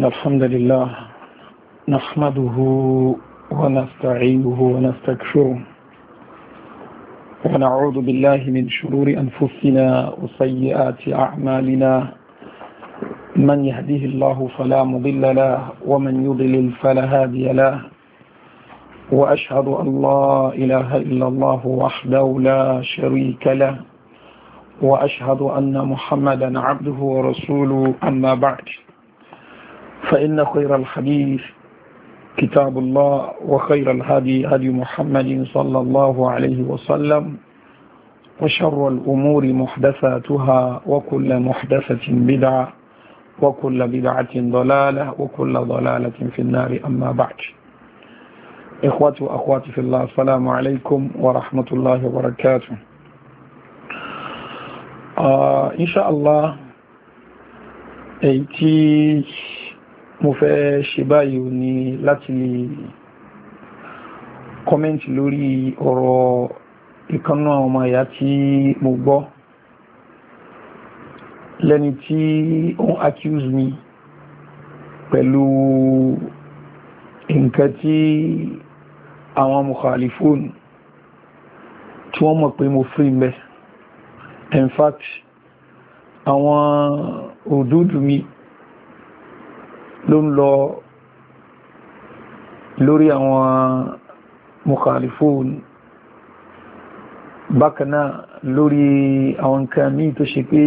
إن الحمد لله نحمده ونستعينه ونستكشره ونعوذ بالله من شرور أنفسنا وسيئات أعمالنا من يهديه الله فلا مضل له ومن يضلل فلا هادي له وأشهد أن لا إله إلا الله وحده لا شريك له وأشهد أن محمدا عبده ورسوله أما بعد فإن خير الحديث كتاب الله وخير الهدي هدي محمد صلى الله عليه وسلم وشر الأمور محدثاتها وكل محدثة بدعة وكل بدعة ضلالة وكل ضلالة في النار أما بعد إخواتي وأخواتي في الله السلام عليكم ورحمة الله وبركاته آه إن شاء الله 80 mo fẹ́ ṣe báyìí ní láti kọ́mẹ́ntì lórí ọ̀rọ̀ ìkanná ọmọ ìyá tí mo gbọ́ lẹ́ni tí ó ń accuse me pẹ̀lú nǹkan tí àwọn mukhalifun tí wọ́n mọ̀ pé mo free mẹ́ in fact àwọn òdúdú mi ló ń lọ lórí àwọn mukhalifun bákanáà lórí àwọn nǹkan míì tó ṣe pé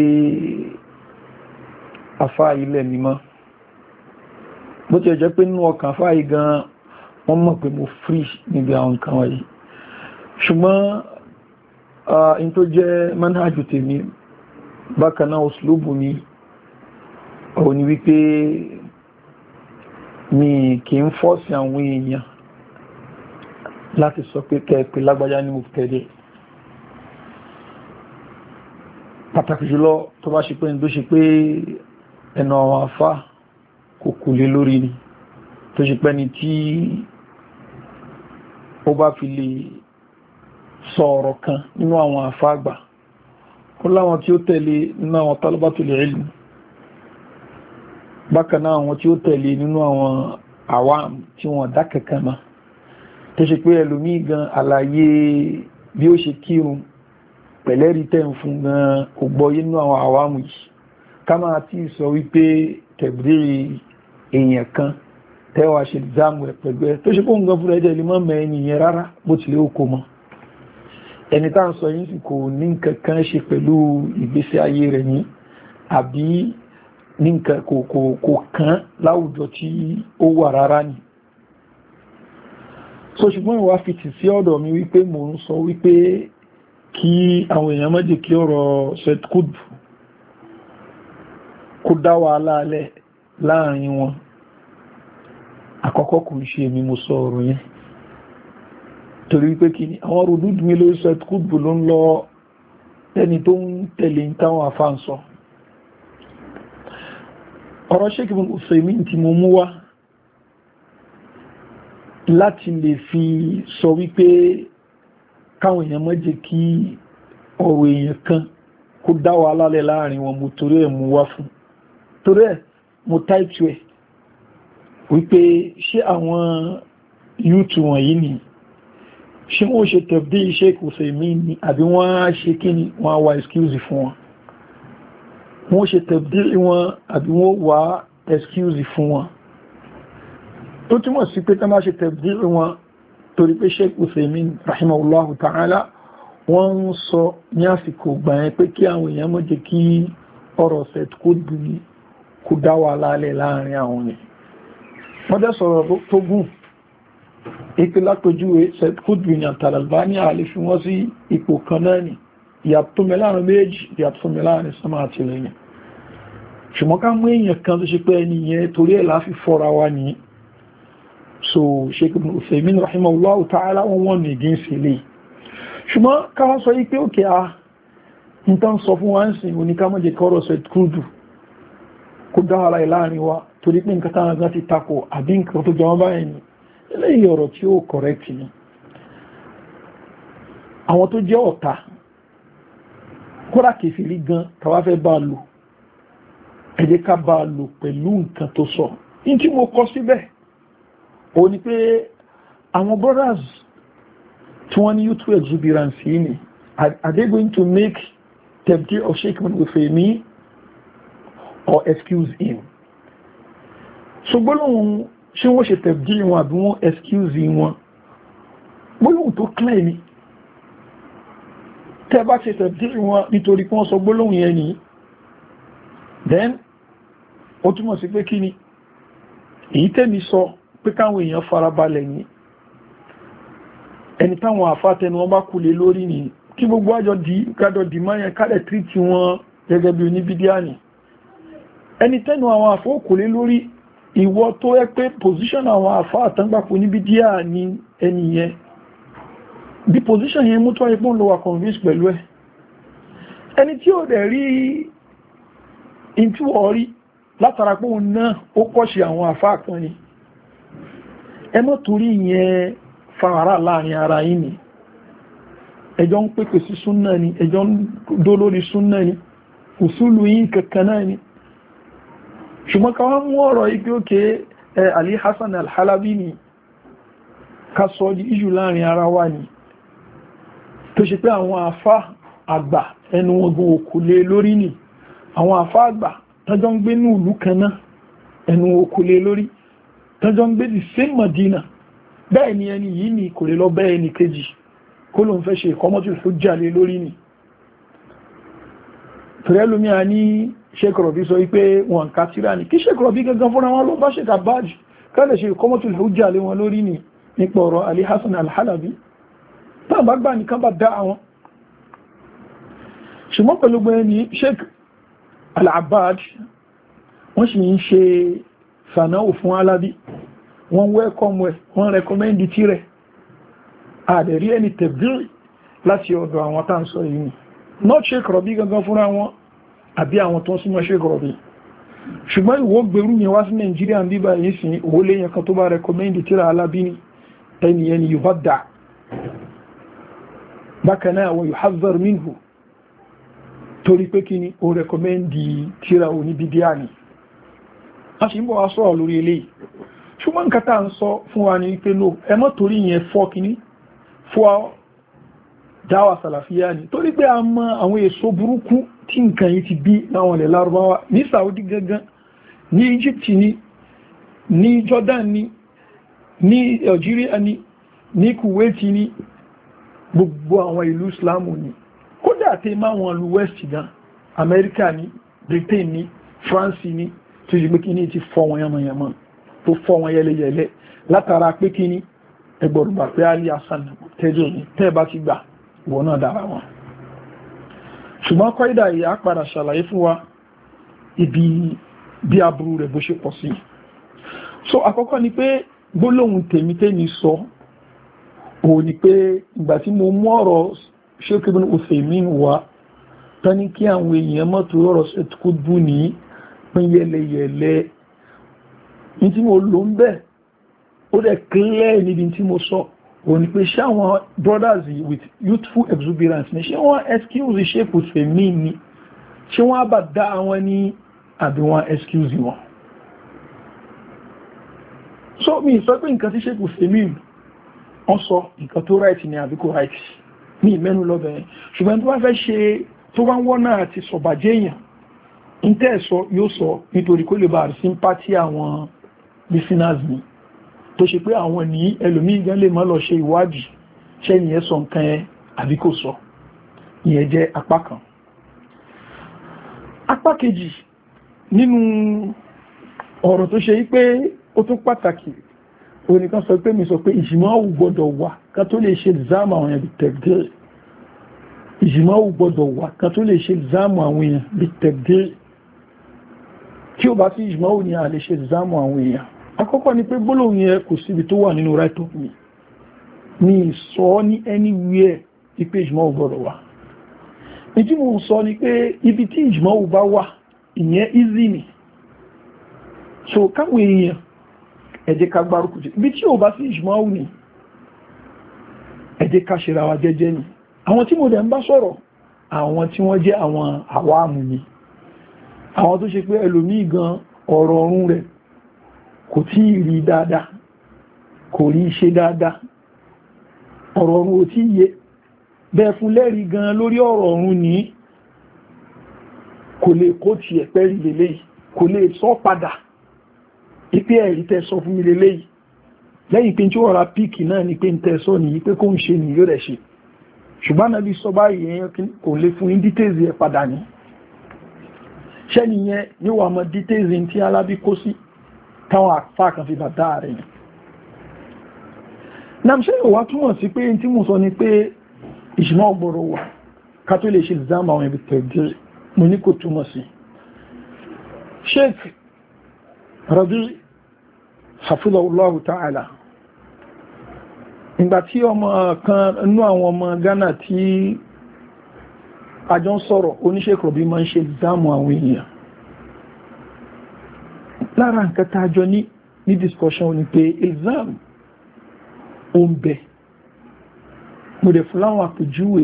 afá ilẹ̀ mímọ́ bó ti ẹjọ́ pé nínú ọkàn afá yìí gan wọ́n mọ̀ pé mo free níbi àwọn nǹkan wọ̀nyí ṣùgbọ́n in tó jẹ́ manhajù tèmi bákanáà uslubu mi òun ni wípé mi kì ń fọ́sí àwọn èèyàn láti sọ pé kẹ́ẹ̀pẹ́ lágbájá ní mọ̀tẹ́dẹ̀ pàtàkì jùlọ tó bá ṣe pé ní tó ṣe pé ẹnà àwọn afá kò kù lé lórí ni tó ṣe pé ní tí ó bá fi lè sọ ọ̀rọ̀ kan nínú àwọn afá àgbà ó láwọn tí ó tẹ̀lé nínú àwọn tálọ́bátò lè rí bákan náà àwọn tí ó tẹ̀lé nínú àwọn àwam tí wọ́n dá kankan mọ́ tó ṣe pé ẹlòmíì gan àlàyé bí ó ṣe kírun pẹ̀lẹ́rìí tẹ̀ ń fún gan ògbọ́yé nínú àwọn àwam yìí ká máa tí ì sọ wípé tẹ̀bírí èèyàn kan tẹ́wà ṣe ìzámù ẹ̀ pẹ̀lú tó ṣe kó ń fúnra ẹ̀jẹ̀ lè mọ́ mẹ́rin yẹn rárá bó tilẹ̀ ó mọ́ ẹni tá ń sọ yìí sì kò ní nǹkan kan ṣe pẹ̀lú ìgbésí ayé rẹ̀ ní àbí ní nǹkan kò kò kò kán láwùjọ tí ó wà rárá ni so ṣùgbọ́n ìwà fi tì sí ọ̀dọ̀ mi wípé mò ń sọ wípé kí àwọn èèyàn méjì kí ọ̀rọ̀ setkud kó dá wàhálà alẹ́ láàrin wọn àkọ́kọ́ kò ń ṣe mi mo sọ ọ̀rọ̀ yẹn torí wípé kí ni àwọn rùdúdú mi lórí setkud ló ń lọ ẹni tó ń tẹ̀lé ń táwọn afá ń sọ ọ̀rọ̀ ṣékì fún òsèmí tí mo mú wá láti lè fi sọ wípé káwọn èèyàn má jẹ́ kí ọ̀rọ̀ èèyàn kan kó dá wa lálẹ́ láàrin wọn mo torí ẹ̀ mú wá fún torí ẹ̀ mo táìtù ẹ̀ wípé ṣé àwọn yúùtù wọ̀nyí ni ṣé wọ́n ṣe tẹ̀bdí ṣékì òsèmí ni àbí wọ́n á ṣe kí ni wọ́n á wá excuse fún wọn wọ́n ṣe tẹ̀bí wọn àbí wọ́n wá excuse fún wọn tó túnmọ̀ sí pé tán bá ṣe tẹ̀bí wọn torí pé sheik usaimin rahimahullahu ta'ala wọ́n ń sọ ní àsìkò gbà yẹn pé kí àwọn èèyàn mọ́ jẹ́ kí ọ̀rọ̀ set kó dùn kó dá wà lálẹ̀ láàrin àwọn ni wọ́n dẹ̀ sọ̀rọ̀ tó gùn ìpínlẹ̀ pẹ̀júwe set kó dùn ní àtàlàlbá ìyàtọ̀ tó mẹ́lá àrùn méjì ìyàtọ̀ tó mẹ́lá àrùn sánmà àti lẹ́yìn ṣùgbọ́n ká mú èèyàn kan tó ṣe pé ẹni yẹn torí ẹ̀ láfi fọ́ra wa ní so Sheikh Ibn Uthaymin rahimahullahu ta'ala wọn wọ́n ní ìgín sí ilé ṣùgbọ́n ká wọ́n sọ yí pé òkè a ń tán sọ fún wọn sí òní ká mọ́jẹ kọ́rọ̀ sọ kúrúdù kó dáhàrá ìláàrin wa torí pé nǹkan táwọn gan ti takò àbí nǹkan tó jọmọ́ báyìí ni eléyìí ọ̀rọ̀ tí ó correct àwọn tó jẹ́ ọ̀tá kóra kèfèrí gan káwá fẹ́ bá a lò ẹ jẹ́ ká bá a lò pẹ̀lú nǹkan tó sọ ní tí mo kọ síbẹ̀ òun ni pé àwọn brothers tí wọ́n ní youth exuberance yìí ni are they going to make tempty of Sheikh with Uthaymeen or excuse him so gbólóhùn ṣé wọ́n ṣe tẹ̀bí wọn àbí wọ́n excuse wọn gbólóhùn tó clear ni tẹ́ bá ṣe tẹ̀bí wọn nítorí kí wọ́n gbólóhùn yẹn then ó túmọ̀ sí pé kí ni èyí tẹ́mi sọ pé káwọn èèyàn farabalẹ̀ yìí ẹni táwọn àfátẹnu wọn bá kulè lórí ni kí gbogbo àjọ di gájọ di máyẹn kálẹ̀ tírìtì wọn gẹ́gẹ́ bí oníbídíà ni ẹni tẹ́nu àwọn àfọ́ kulè lórí ìwọ tó ẹ pé position àwọn àfá àtàngbàpọ̀ oníbídíà ni ẹni yẹn the position yẹn mú tó ipò ló wà convince pẹ̀lú ẹ ẹni tí ó dẹ̀ rí in tí wọ́n rí látara pé òun náà ó kọ́ṣe àwọn àfáà kan ni ẹ mọ́ torí yẹn fàárà láàrin ara yìí ni ẹjọ́ ń pèpè sí súnnà ni ẹjọ́ ń dó lórí súnnà ni usulu yìí kankan náà ni ṣùgbọ́n ká wá mú ọ̀rọ̀ ipe òkè Ali Hassan al-Halabi ni ká sọ di láàrin ara wa ni tó ṣe pé àwọn àfá àgbà ẹnu ogun òkú lé lórí nì àwọn àfá àgbà tọ́jọ́ ń gbé ní ìlú kan ẹnu òkú lé lórí tọ́jọ́ ń gbé di sí Madina bẹ́ẹ̀ ni ẹni yìí ni kò lè lọ bẹ́ẹ̀ ni kejì kó ló ń fẹ́ ṣe ìkọ́mọ́tò tó jàlé lórí nì tòrẹ́lùmí a ní ṣekọ̀rọ̀bí sọ wípé wọn ká tíra ní kí ṣekọ̀rọ̀bí nípa ọ̀rọ̀ Ali Hasan náà bá gbà nìkan bá dá àwọn ṣùgbọ́n pẹ̀lú gbẹ̀ẹ́ni sheik al-abbad wọ́n sì ń ṣe sànáwò fún alábí wọ́n wẹ́kọ̀mù ẹ̀ wọ́n rẹkọmẹ́ndì tí rẹ̀ àdẹ̀rí ẹni tẹ̀bírì láti ọ̀dọ̀ àwọn táǹsọ yìí not sheik rọ̀bí gangan fúnra wọn àbí àwọn tó ń súnmọ́ sheik rọ̀bí ṣùgbọ́n ìwò gbèrú yẹn wá sí nàìjíríà ń bíbá yìí sìn owó léyìn kan tó bá rẹkọmẹ́ndì tí rẹ̀ ẹni ẹni yóò bá dà bákanáà wọ́n yóò hazard minhu torí pé kí ni ó rẹ̀kọ́mẹ́ndì tíra oníbídíà ni a sì ń bọ̀ wá sọ̀rọ̀ lórí eléyìí ṣùgbọ́n nǹkan tá à ń sọ fún wa ní pé no ẹ mọ́ torí yẹn fọ́ kíní fọ́ dáwà sàlàfíà ni torí pé a mọ àwọn èso burúkú tí nǹkan yìí ti bí láwọn ilẹ̀ lárúbáwá ní Saudi gangan ní Egypt ni ní Jordan ni ní Algeria ni ní Kuwait ni gbogbo àwọn ìlú islam ni kódà tí má wọn lu west gan america ni britain ni france ni tó yí pé kí ní ti fọ́ wọn yamayama tó fọ́ wọn yẹlẹyẹlẹ látara pé kí ní ẹgbọ̀rùgbà pé ali hasan tẹ́jọ ni tẹ́ bá ti gbà wọ́n náà dára wọn ṣùgbọ́n kọ́ìdà ìyá padà ṣàlàyé fún wa ibi bí aburú rẹ̀ bó ṣe pọ̀ sí so àkọ́kọ́ ni pé gbólóhùn tèmi tèmi sọ òun ni pé ìgbà tí mo mú ọ̀rọ̀ Sheikh Ibn Uthaymeen wá tán ní kí àwọn èèyàn mọ́tò rọ̀rọ̀ ṣètùkú dùn ní pín yẹlẹyẹlẹ ní tí mo lò ń bẹ̀ ó dẹ̀ clear níbi tí mo sọ òun ni pé ṣé àwọn brothers with youthful exuberance ni ṣé wọ́n excuse Sheikh Uthaymeen ni ṣé wọ́n á bà dá àwọn ní àbí wọ́n excuse wọn so mi sọ pé nǹkan tí Sheikh Uthaymeen wọ́n sọ nǹkan tó right ni àbí kò right ní ìmẹ́nu lọ́bẹ̀ yẹn ṣùgbọ́n tó bá fẹ́ ṣe tó bá ń wọ́n náà àti sọ̀bàjẹ́ èèyàn ń tẹ́ sọ yóò sọ nítorí kó lè bá àrùn sympathy àwọn listeners ni tó ṣe pé àwọn ní ẹlòmíì gan lè má lọ ṣe ìwádìí ṣé ni ẹ sọ nǹkan yẹn àbí kò sọ ìyẹn jẹ́ apá kan apá kejì nínú ọ̀rọ̀ tó ṣe wípé ó tún pàtàkì oníkan sọ pé mi sọ pé ìjìmáwù gbọdọ̀ wà ká tó lè ṣe záàmù àwọn èèyàn bí tẹ̀gẹ́rẹ̀ ìjìmáwù gbọdọ̀ wà ká tó lè ṣe záàmù àwọn èèyàn bí tẹ̀gẹ́rẹ̀ tí ó bá sí ìjìmáwù ni a lè ṣe záàmù àwọn èèyàn àkọ́kọ́ ni pé gbólóhùn yẹn kò síbi tó wà nínú right of me mi sọ ní anywhere tí pé ìjìmáwù gbọdọ̀ wà ni ẹ jẹ́ ká gbárùkù tí ibi tí ò bá sí ìjùmọ̀wù ni ẹ jẹ́ ká ṣera wa jẹ́jẹ́ ni àwọn tí mo dẹ̀ ń bá sọ̀rọ̀ àwọn tí wọ́n jẹ́ àwọn àwáàmù ni àwọn tó ṣe pé ẹlòmíì gan ọ̀rọ̀ ọ̀run rẹ̀ kò tí rí dáadáa kò rí ṣe dáadáa ọ̀rọ̀ ọ̀run ò tí yé bẹ́ẹ̀ fún lẹ́rí gan lórí ọ̀rọ̀ ọ̀run ní kò lè kó ti ẹ̀pẹ́ rí lélẹ́ kò lè sọ padà ipé ẹ̀rí tẹ́ sọ fún mi lélẹ́yìí lẹ́yìn pé tí wọ́n ra píìkì náà ni pé ń tẹ́ sọ nìyí pé kó ń ṣe nìyí rẹ̀ ṣe ṣùgbọ́n náà bí sọ báyìí yẹn kò lè fún yín details yẹn padà ní ṣẹ́ni yẹn níwọ̀n àmọ́ details yẹn tí alábí kó sí táwọn àfáà kan fi bàtà rẹ̀ ni nam ṣe ìwà túmọ̀ sí pé tí mo sọ ni pé ìṣúná ọgbọ̀rọ̀ wà ká tó lè ṣe ìzámà àwọn ibi tẹ̀gbẹ̀rẹ̀ mo ní kò túmọ̀ sí sheikh rabi hafizahullahu ta'ala ìgbà tí ọmọ kan nú àwọn ọmọ Ghana tí àjọ ń sọ̀rọ̀ oníṣẹ́kọ̀ọ́ bí ma ń ṣe dámù àwọn èèyàn lára nǹkan tá àjọ ní ní discussion ni pé exam ó ń bẹ mo fún láwọn àpèjúwe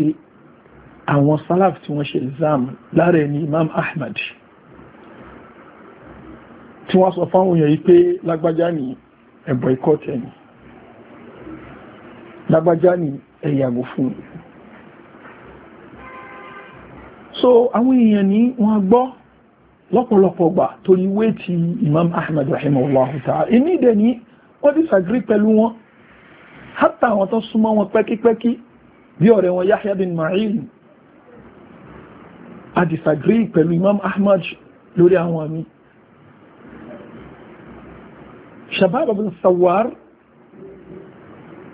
àwọn salaf tí wọ́n ṣe exam lára ẹni Imam Ahmad tí wọ́n sọ fáwọn èèyàn yìí pé lágbájá ní ẹ boycott ẹni lágbájá ní ẹ fún so àwọn èèyàn ní wọ́n gbọ́ lọ́pọ̀lọpọ̀ gbà torí wéètì Imam Ahmad rahimahullahu ta'ala èmi dẹ̀ ní wọ́n disagree pẹ̀lú wọn hátà àwọn tó súnmọ́ wọn pẹ́kípẹ́kí bí ọ̀rẹ́ wọn Yahya bin Ma'in a disagree pẹ̀lú Imam Ahmad lórí àwọn mi شباب بن الثوار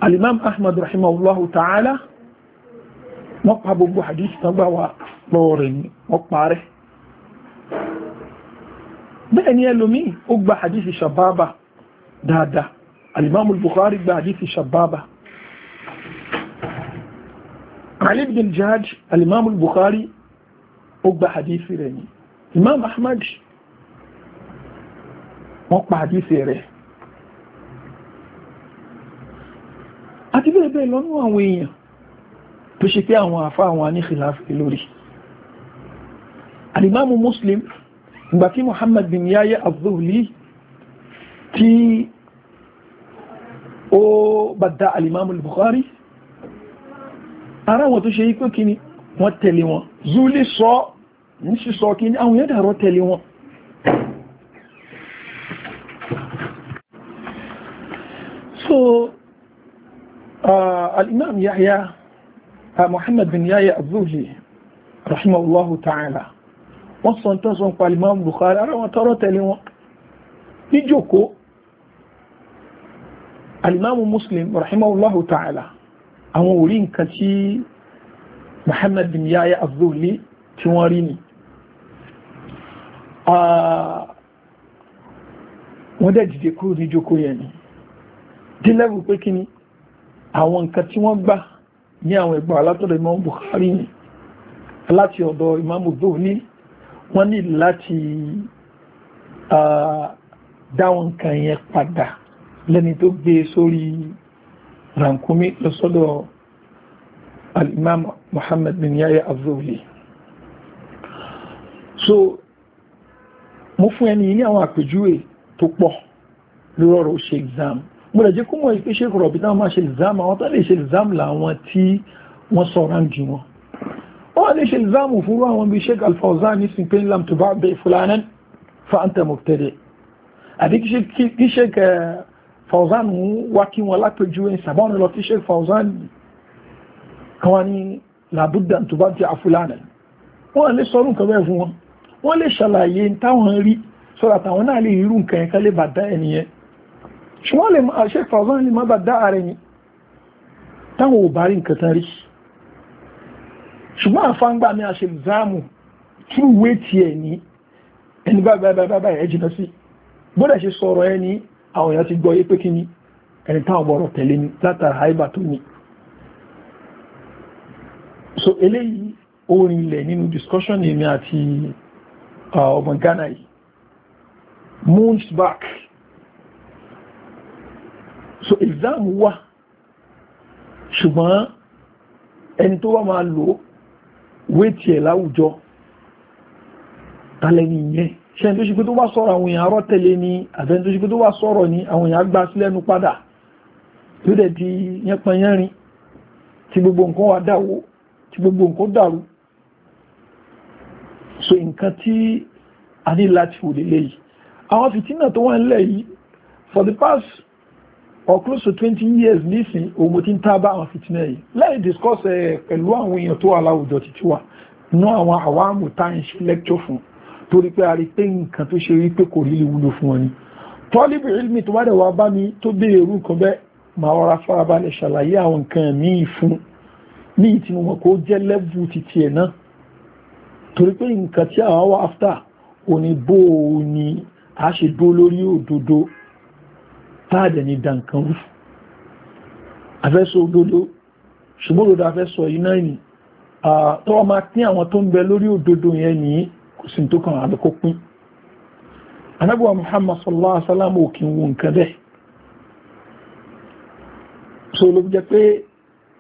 الإمام أحمد رحمه الله تعالى وقع بو حديث تبع ولورين وقع بأن يلومي أقبى حديث شبابة دادا الإمام البخاري بحديث شبابة علي بن الجاج الإمام البخاري أقبى حديث رني الامام أحمد وقع حديث رني àti bẹ́ẹ̀ bẹ́ẹ̀ lọ́nú àwọn èèyàn tó ṣe pé àwọn àfá àwọn aníkìláfẹ́ lórí alimamu muslim ìgbà tí muhammad bin yahya az-zuhli tí ó bá dá alimamu bukhari ara wọn tó ṣe ikú kí ni wọ́n tẹ̀lé wọn zuli sọ ní sísọ kí àwọn yẹ́dàrọ tẹ̀lé wọn so الإمام يحيى محمد بن يحيى الزوجي رحمه الله تعالى wọ́n sọ tó sọ pa Imam Bukhari ara wọn tọ́rọ tẹ̀lé wọn níjòkó alimamu Muslim rahimahullahu ta'ala àwọn orí nǹkan tí Muhammad bin Yahya az-Zuhli tí wọ́n rí ni wọ́n dẹ̀ dìde kúrò níjòkó yẹn ni dí lẹ́bù pé kí ni àwọn nǹkan tí wọ́n gbà ní àwọn ẹgbà alátọ́dọ̀ Imam Bukhari ni láti ọ̀dọ̀ Imam Zuhri wọ́n ní láti dáwọn nǹkan yẹn padà lẹ́ni tó gbé e sórí rankumi lọ́sọ́dọ̀ al-Imam Muhammad bin Yahya az so mo fún ẹni ní àwọn àpèjúwe tó pọ̀ lórí ṣe exam gbọ́dọ̀ jẹ́ kó mọ̀ ìpé ṣe kọ̀rọ̀ bí táwọn máa ṣe ìzámù àwọn tó lè ṣe ìzámù làwọn tí wọ́n sọ̀rọ̀ jù wọn ó wà lè ṣe ìzámù fúrú àwọn bí Sheikh Al-Fawzan ní sin pé lam tó bá bẹ fúlànà fa anta mubtadi àbí kí Sheikh eh, Fawzan wá kí wọn lápẹjú ẹ̀ sàbọ̀n lọ kí Sheikh Fawzan kan wá ní làbúdà tó bá ṣùgbọ́n lè máa ṣe fàwọn lè máa bá dá ààrẹ ni táwọn ò bá rí nǹkan tán rí ṣùgbọ́n àfáǹgbà ni a ṣe záàmù tún wé ti ẹ̀ ní ẹni báyìí ẹ jìnà sí bọ́dẹ̀ ṣe sọ̀rọ̀ ẹ ní àwọn èèyàn ti gbọ́ yé ni ẹni táwọn uh, ọmọ Ghana yìí moons back so exam wa ṣùgbọ́n ẹni tó wà máa lò wéètì ẹ̀ láwùjọ tàlẹ́ni yẹn ṣe tó ṣe pé tó wá sọ̀rọ̀ àwọn èèyàn arọ́ tẹ̀lé ni àbẹ́ tó ṣe pé tó wá sọ̀rọ̀ ni àwọn èèyàn gbá sílẹ́nu padà tó dẹ̀ di yẹpẹyẹrin tí gbogbo nǹkan wà dáwó tí gbogbo nǹkan dàrú so nǹkan tí a ní láti wò lélẹ́yìí àwọn fìtínà tó wà nílẹ̀ yìí for the past or close to twenty years nísìn òun mo ti ń tábà àwọn fìtínà yìí láì discuss ẹ eh, pẹ̀lú àwọn èèyàn tó wà láwùjọ títí wa nú àwọn àwámù tá à ń ṣe lecture fún torí pé a rí pé nǹkan tó ṣe rí pé kò rí lè wúlò fún wọn ni tọ́líbì ilmi tó wádẹ̀ wá bá mi tó béèrè irú nǹkan bẹ́ẹ̀ máa ọra farabalẹ̀ ṣàlàyé àwọn nǹkan míì fún ní ìtinú wọn kó jẹ́ lẹ́bù títí ẹ̀ náà torí pé nǹkan tí àwọn wà áfítà òní bó ni a ṣe dó lórí òdodo táàdẹ̀ ní dankan rú afẹ́sọ òdodo ṣùgbọ́n òdodo afẹ́sọ iná ìní tọ́wọ́ máa pín àwọn tó ń bẹ lórí òdodo yẹn ní kò sí tó kàn àbẹ́kó pín anábíwá Muhammad sallallahu alaihi wasallam òkè wo nǹkan bẹ́ẹ̀ so ló jẹ́ pé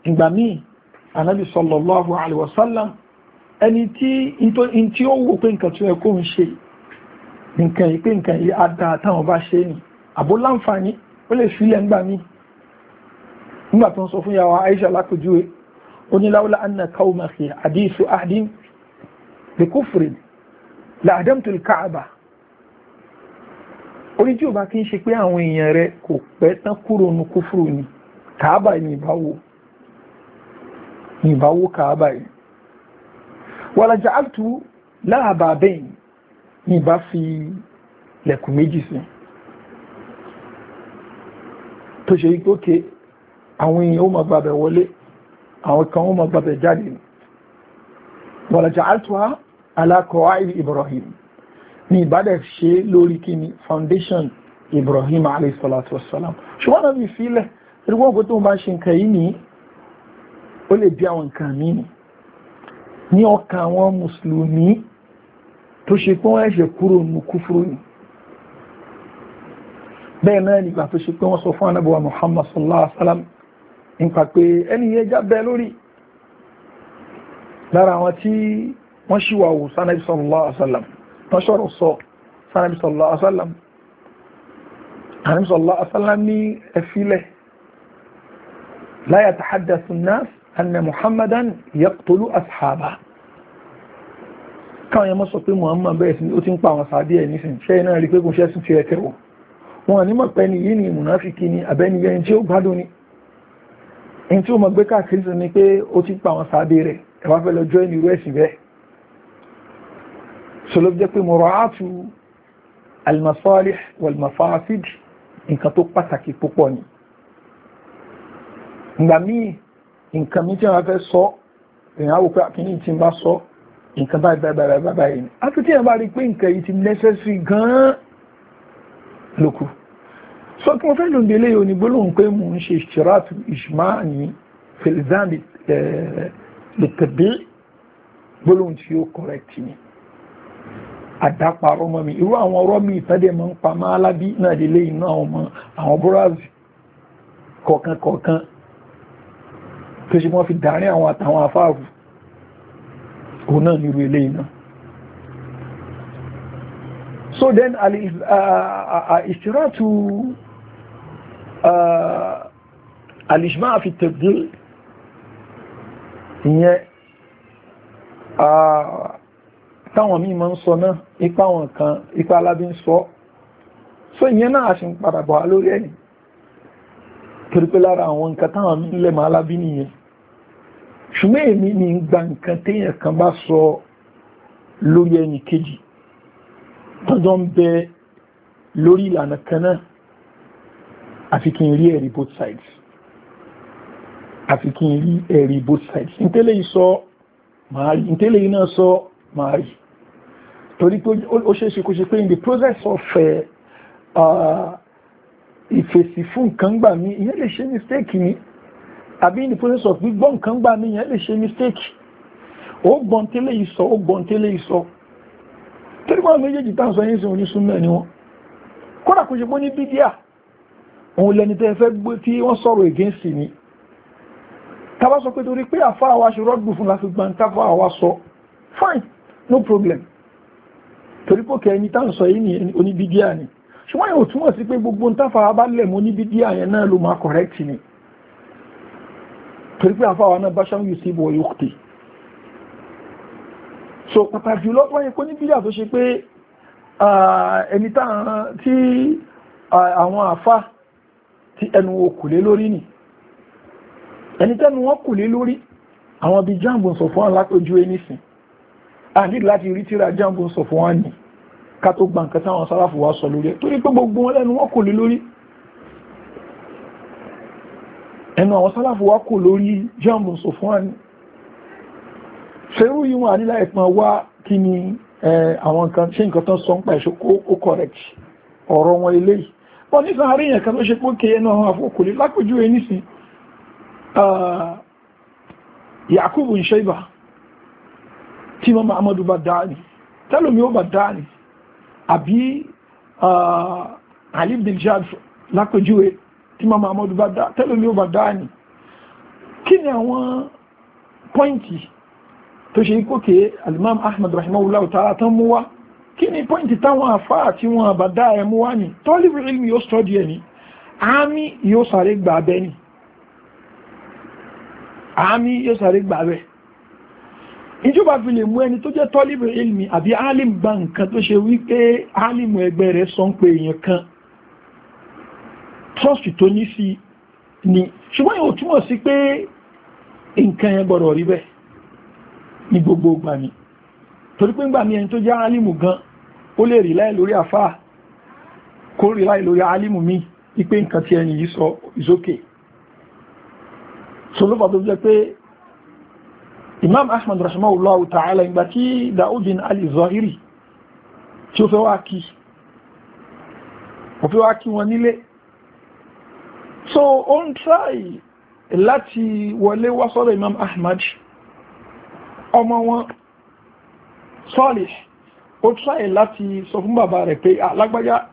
ìgbà míì anábí sallallahu alaihi sallam, ẹni tí ó wò pé nǹkan tí ó yẹ kó ń ṣe nǹkan yìí pé nǹkan yìí á dáa bá ṣe nìí àbó láǹfààní ó lè sílẹ̀ ńgbà mí nígbà tó ń sọ fún yàwó Aisha lápèjúwe ó ní láwùlá anna kaumaki àdísù àdín bí kúfùrì làdẹ́mtòlì káàbà orí tí o bá kí ń ṣe pé àwọn èèyàn rẹ kò pẹ́ tán kúrò ní kúfùrù ni kàábà ní ìbáwó kàábà yìí wàlájà àtú láàbà bẹ́yìn ní ìbá fi lẹ̀kùn méjì sí tó ṣe ìgbókè àwọn èèyàn ó ma gbàbẹ̀ wọlé àwọn kan ó ma gbàbẹ̀ jáde wọ̀lọ̀jà altuwa alákọ̀ọ́ àìrí Ibrahim ní ìbádẹ̀ ṣe lórí kíni foundation Ibrahim alayhi salatu wassalam ṣùgbọ́n náà bí fílẹ̀ ìrúgbọ́n kó tó ń bá ṣe nǹkan yìí ní ó lè bí àwọn nǹkan mí ni ní ọkàn àwọn mùsùlùmí tó ṣe pọ́n ẹ̀ṣẹ̀ kúrò nù kúfúrú ni bẹ́ẹ̀ náà nígbà tó ṣe pé wọ́n sọ fún anábọ̀wà Muhammad sallallahu alaihi wasallam nípa pé ẹni yẹn jábẹ́ lórí lára àwọn tí wọ́n ṣíwà wò sánàbí sallallahu alaihi wasallam wọ́n ṣọ̀rọ̀ sọ sánàbí sallallahu alaihi wasallam sallallahu alaihi wasallam ní ẹfilẹ̀ la yatahaddathu an-nas anna Muhammadan yaqtulu ashabahu káwọn yẹn mọ́ sọ pé Muhammad bẹ́ẹ̀ sí ó ti ń pa àwọn sàábí ẹ̀ nísìn ṣẹ́yìn náà rí pé kò ṣẹ́ sí ti ẹ̀kẹ́rọ̀ wọn ní mọ̀ pé ní yìí ni ìmùnáfíkì ni àbẹ́niyẹ ẹni tí ó gbádùn ni ẹni tí ó mọ̀ gbé káàkiri sí ni pé ó ti pa àwọn sáàbẹ̀ rẹ̀ ẹwà fẹ́ lọ jọ ẹni irú ẹ̀sìn bẹ́ẹ̀ so ló jẹ́ pé mura'atu al-masalih wal-mafasid nǹkan tó pàtàkì púpọ̀ ni ìgbà míì nǹkan mi tí wọ́n fẹ́ sọ èèyàn àwòkọ́ àkíní tí ń bá sọ nǹkan báyìí báyìí báyìí báyìí ni àti tí wọ́n bá rí pé nǹkan yìí ti necessary gan-an lókù so kí mo fẹ́ ló ń délé yóò ní gbólóhùn pé mo ń ṣe ìṣirátù ìṣmá ní felizan lè tẹ̀bí gbólóhùn tí ó correct ni àdápa ọmọ mi irú àwọn ọ̀rọ̀ mi ìtàdé mọ́ ń pa má alábí náà délé iná ọmọ àwọn búrázì kọ̀ọ̀kan kọ̀ọ̀kan tó ṣe mọ́ fi dàárín àwọn àtàwọn afáàfù òun náà nírú eléyìí náà so then al-ishtiratu uh, uh, uh, al-ijma' fi at-tabdil ìyẹn táwọn míì máa ń sọ náà ipa wọn kan ipa alábí ń sọ so ìyẹn náà ṣe ń padà bọ̀ lórí ẹ̀yìn torí pé lára àwọn nǹkan táwọn míì lẹ́mọ̀ alábí nìyẹn ṣùgbọ́n èmi ni ń gba nǹkan téèyàn kan bá sọ lórí ẹni kejì tọ́jọ́ ń bẹ lórí ìlànà kan náà àfi kí n rí ẹ̀rí both sides àfi kí n rí ẹ̀rí both sides ìtẹ́lẹ̀ yìí sọ máa rí ìtẹ́lẹ̀ yìí náà sọ máa rí torí pé ó ṣeéṣe kó ṣe pé in the process of eh, uh, ìfèsì fún nǹkan gbà mí ìyẹn lè ṣe mistake ni àbí in the process of gbígbọ́ nǹkan gbà mí ìyẹn lè ṣe mistake ó gbọ́n tẹ́lẹ̀ yìí sọ ó gbọ́n tẹ́lẹ̀ yìí sọ torí wọ́n méjèèjì tán sọ yín sí onísúnnà ni wọ́n kódà kò ṣe pọ́ ní bídíà òun lẹni tẹ́ fẹ́ gbé tí wọ́n sọ̀rọ̀ against ni tàbá sọ pé torí pé àfá àwa ṣe rọ́gbù fún láti gbá tàbá àwa sọ fine no problem torí pò kẹ́ ẹni tán sọ yìí ni oníbídíà ni ṣùgbọ́n yóò túmọ̀ sí pé gbogbo tàfà bá lẹ̀ mọ́ ni torí pé àfá àwa náà bá so pàtàkì lọ́pọ̀ yẹn kó ní bídíà tó ṣe pé ẹni tí àwọn àfá tí ẹnu wọn kò lé lórí nì ẹni tẹ́nu wọn kò lé lórí àwọn bí jambo sọ fún alápẹjú ẹnìsìn a láti rí tíra jambo sọ wọn ni ká tó gba nǹkan táwọn sáráfù wá sọ lórí ẹ torí pé gbogbo wọn lẹ́nu wọn kò lé lórí ẹnu àwọn sáráfù wá kò lórí jambo sọ fún wọn ni ṣerú yìí wọn ànílá ìpín wá kí ni àwọn nǹkan ṣe nǹkan tán sọ ń pa ẹ̀ṣọ́ kó correct ọ̀rọ̀ wọn eléyìí wọ́n ní sàn àríyàn kan tó ṣe pé kéye náà àwọn àfọkùnlé lápèjú ẹ nísìn Yakubu Shaiba tí mọ́ Muhammadu bá dáa ni tẹ́lómi ó bá dáa ni àbí Ali bin Jafar lápèjú ẹ tí mọ́ Muhammadu bá dáa tẹ́lómi ó bá dáa ni kí ni àwọn pọ́ìntì tó ṣe kókè alimam ahmed rahimahullah ta'ala tán mú wá kí ni pọ́ìntì táwọn àfáà tí wọ́n bá dá ẹ mú wá ní tọ́lìfù ilmi yóò sọ́dí ẹ ní àmì yóò sáré gbà bẹ́ ní àmì yóò sáré gbà bẹ́ ìjọba fi lè mú ẹni tó jẹ́ tọ́lìfù ilmi àbí alim gba nǹkan tó ṣe wípé alim ẹgbẹ́ rẹ̀ sọ ń èèyàn kan trust tó ní sí ni ṣùgbọ́n yóò túmọ̀ sí pé nǹkan yẹn gbọ́dọ̀ rí bẹ́ẹ̀ ní gbogbo ìgbà mi torí pé ìgbà mi ẹni tó jẹ́ alìmù gan ó lè rí láì lórí àfáà kó rí láì lórí alìmù mi ipé nǹkan tí ẹni yìí sọ ìsókè so ló fà tó jẹ́ pé imam ahmad rahimahullah daudin al-zahiri tí ó fẹ́ wá so ó ń tráì láti wọlé wá sọ́dọ̀ imam ahmad ọmọ wọn sọ́ọ̀lì ó tráì láti sọ fún bàbá rẹ̀ pé alágbájá ah,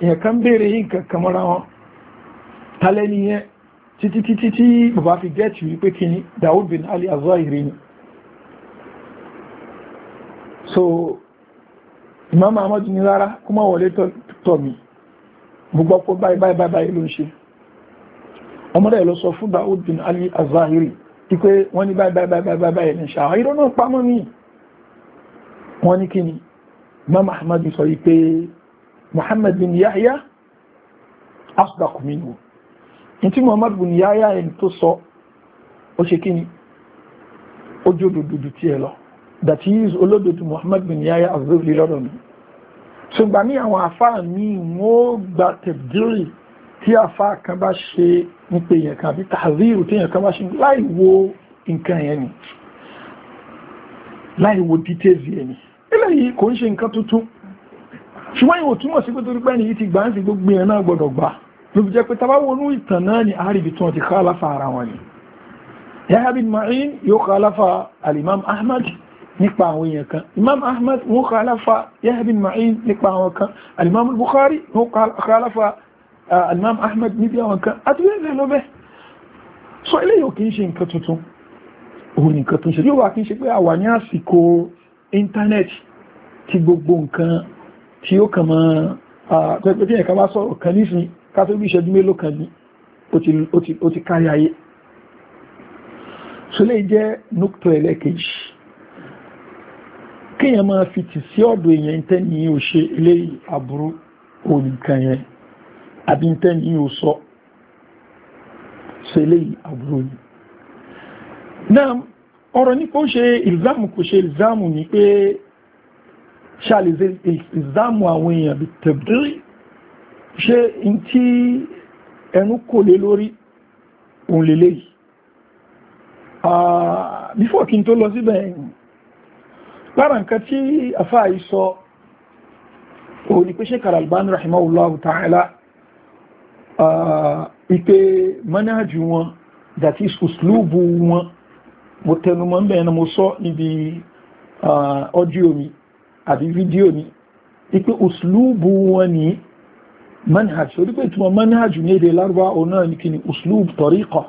èèyàn kan béèrè yìí nǹkan kan mọ́ra wọn talẹ́ nìyẹn títí títí tí bàbá fi gẹ́ẹ̀tì wípé kíní Daud bin Ali az ni so Imam Ahmad ní rárá kó má wọlé tọ̀ mi gbogbo ọkọ̀ báyìí báyìí báyìí ló ń ṣe ọmọdé lọ sọ fún Daud bin Ali az tí pé wọ́n ní báyìí báyìí báyìí ní ṣàwọn ìrọ́ náà pamọ́ ní wọ́n ní kíni Imam Ahmad sọ wípé Muhammad bin Yahya asdaq minhu in tí Muhammad bin Yahya ẹni tó sọ ó ṣe kíni ojú òdòdó tí ẹ lọ that is olódodo Muhammad bin Yahya az-Zuhri lọ́dọ̀ ń pè yẹn kan àbí tààzírù tí yẹn kan wá ṣe láìwo nǹkan yẹn ni láìwo details yẹn ni eléyìí kò ń ṣe nǹkan tuntun ṣùgbọ́n yóò túnmọ̀ sí pé torí pé ní yìí ti gbà ń sì gbogbo yẹn náà gbọdọ̀ gbà ló fi jẹ́ pé tàbá wọnú ìtàn náà ni àárí ibi tí wọ́n ti ara wọn ni Yahya bin Ma'in yóò khalafa al-Imam Ahmad nípa àwọn èèyàn kan Imam Ahmad wọ́n khalafa Yahya bin Ma'in nípa àwọn kan al bukhari wọ́n khalafa alimam ah, ahmed níbi àwọn kan àti bẹ́ẹ̀ lọ bẹ́ẹ̀ sọ eléyìí ò kí ń ṣe nǹkan tuntun òun nǹkan tó yóò wà kí ń ṣe pé a wà ní àsìkò íńtánẹ́ẹ̀tì tí gbogbo nǹkan tí ó kàn máa pẹ́pẹ́ tí ẹ̀ka bá sọ̀rọ̀ kan nísìn ká tó bí ìṣẹ́jú mélòó kan ní ó ti kárí ayé so lè jẹ́ kíyàn máa fi tì sí ọ̀dọ̀ èèyàn tẹ́ni ò ṣe eléyìí aburú òun nǹkan yẹn àbí tẹ́ni yíò sọ ṣe lè àbúrò yìí náà ọ̀rọ̀ ní kó ṣe ìlzámù kò ṣe ìlzámù ní pé ṣàlèzé ìlzámù àwọn èèyàn bí tẹ̀bírí ṣe in tí ẹnu kò lè lórí òun lè léyìí bífọ̀ kí n tó lọ síbẹ̀ lára nǹkan tí àfáà yìí sọ òun ni pé ṣe kàràlbán rahimahullahu ta'ala Ah, ipe mọ́nájú wọn that is uslubu wọn mo tẹnumọ́ ń bẹ̀rẹ̀ mo sọ níbi ọdíò ah, mi àbí fídíò mi ipe uslubu wọn ni manhaj orí pé ìtumọ̀ manhaj ní èdè lárúbá òun náà ní kíni uslub tariqa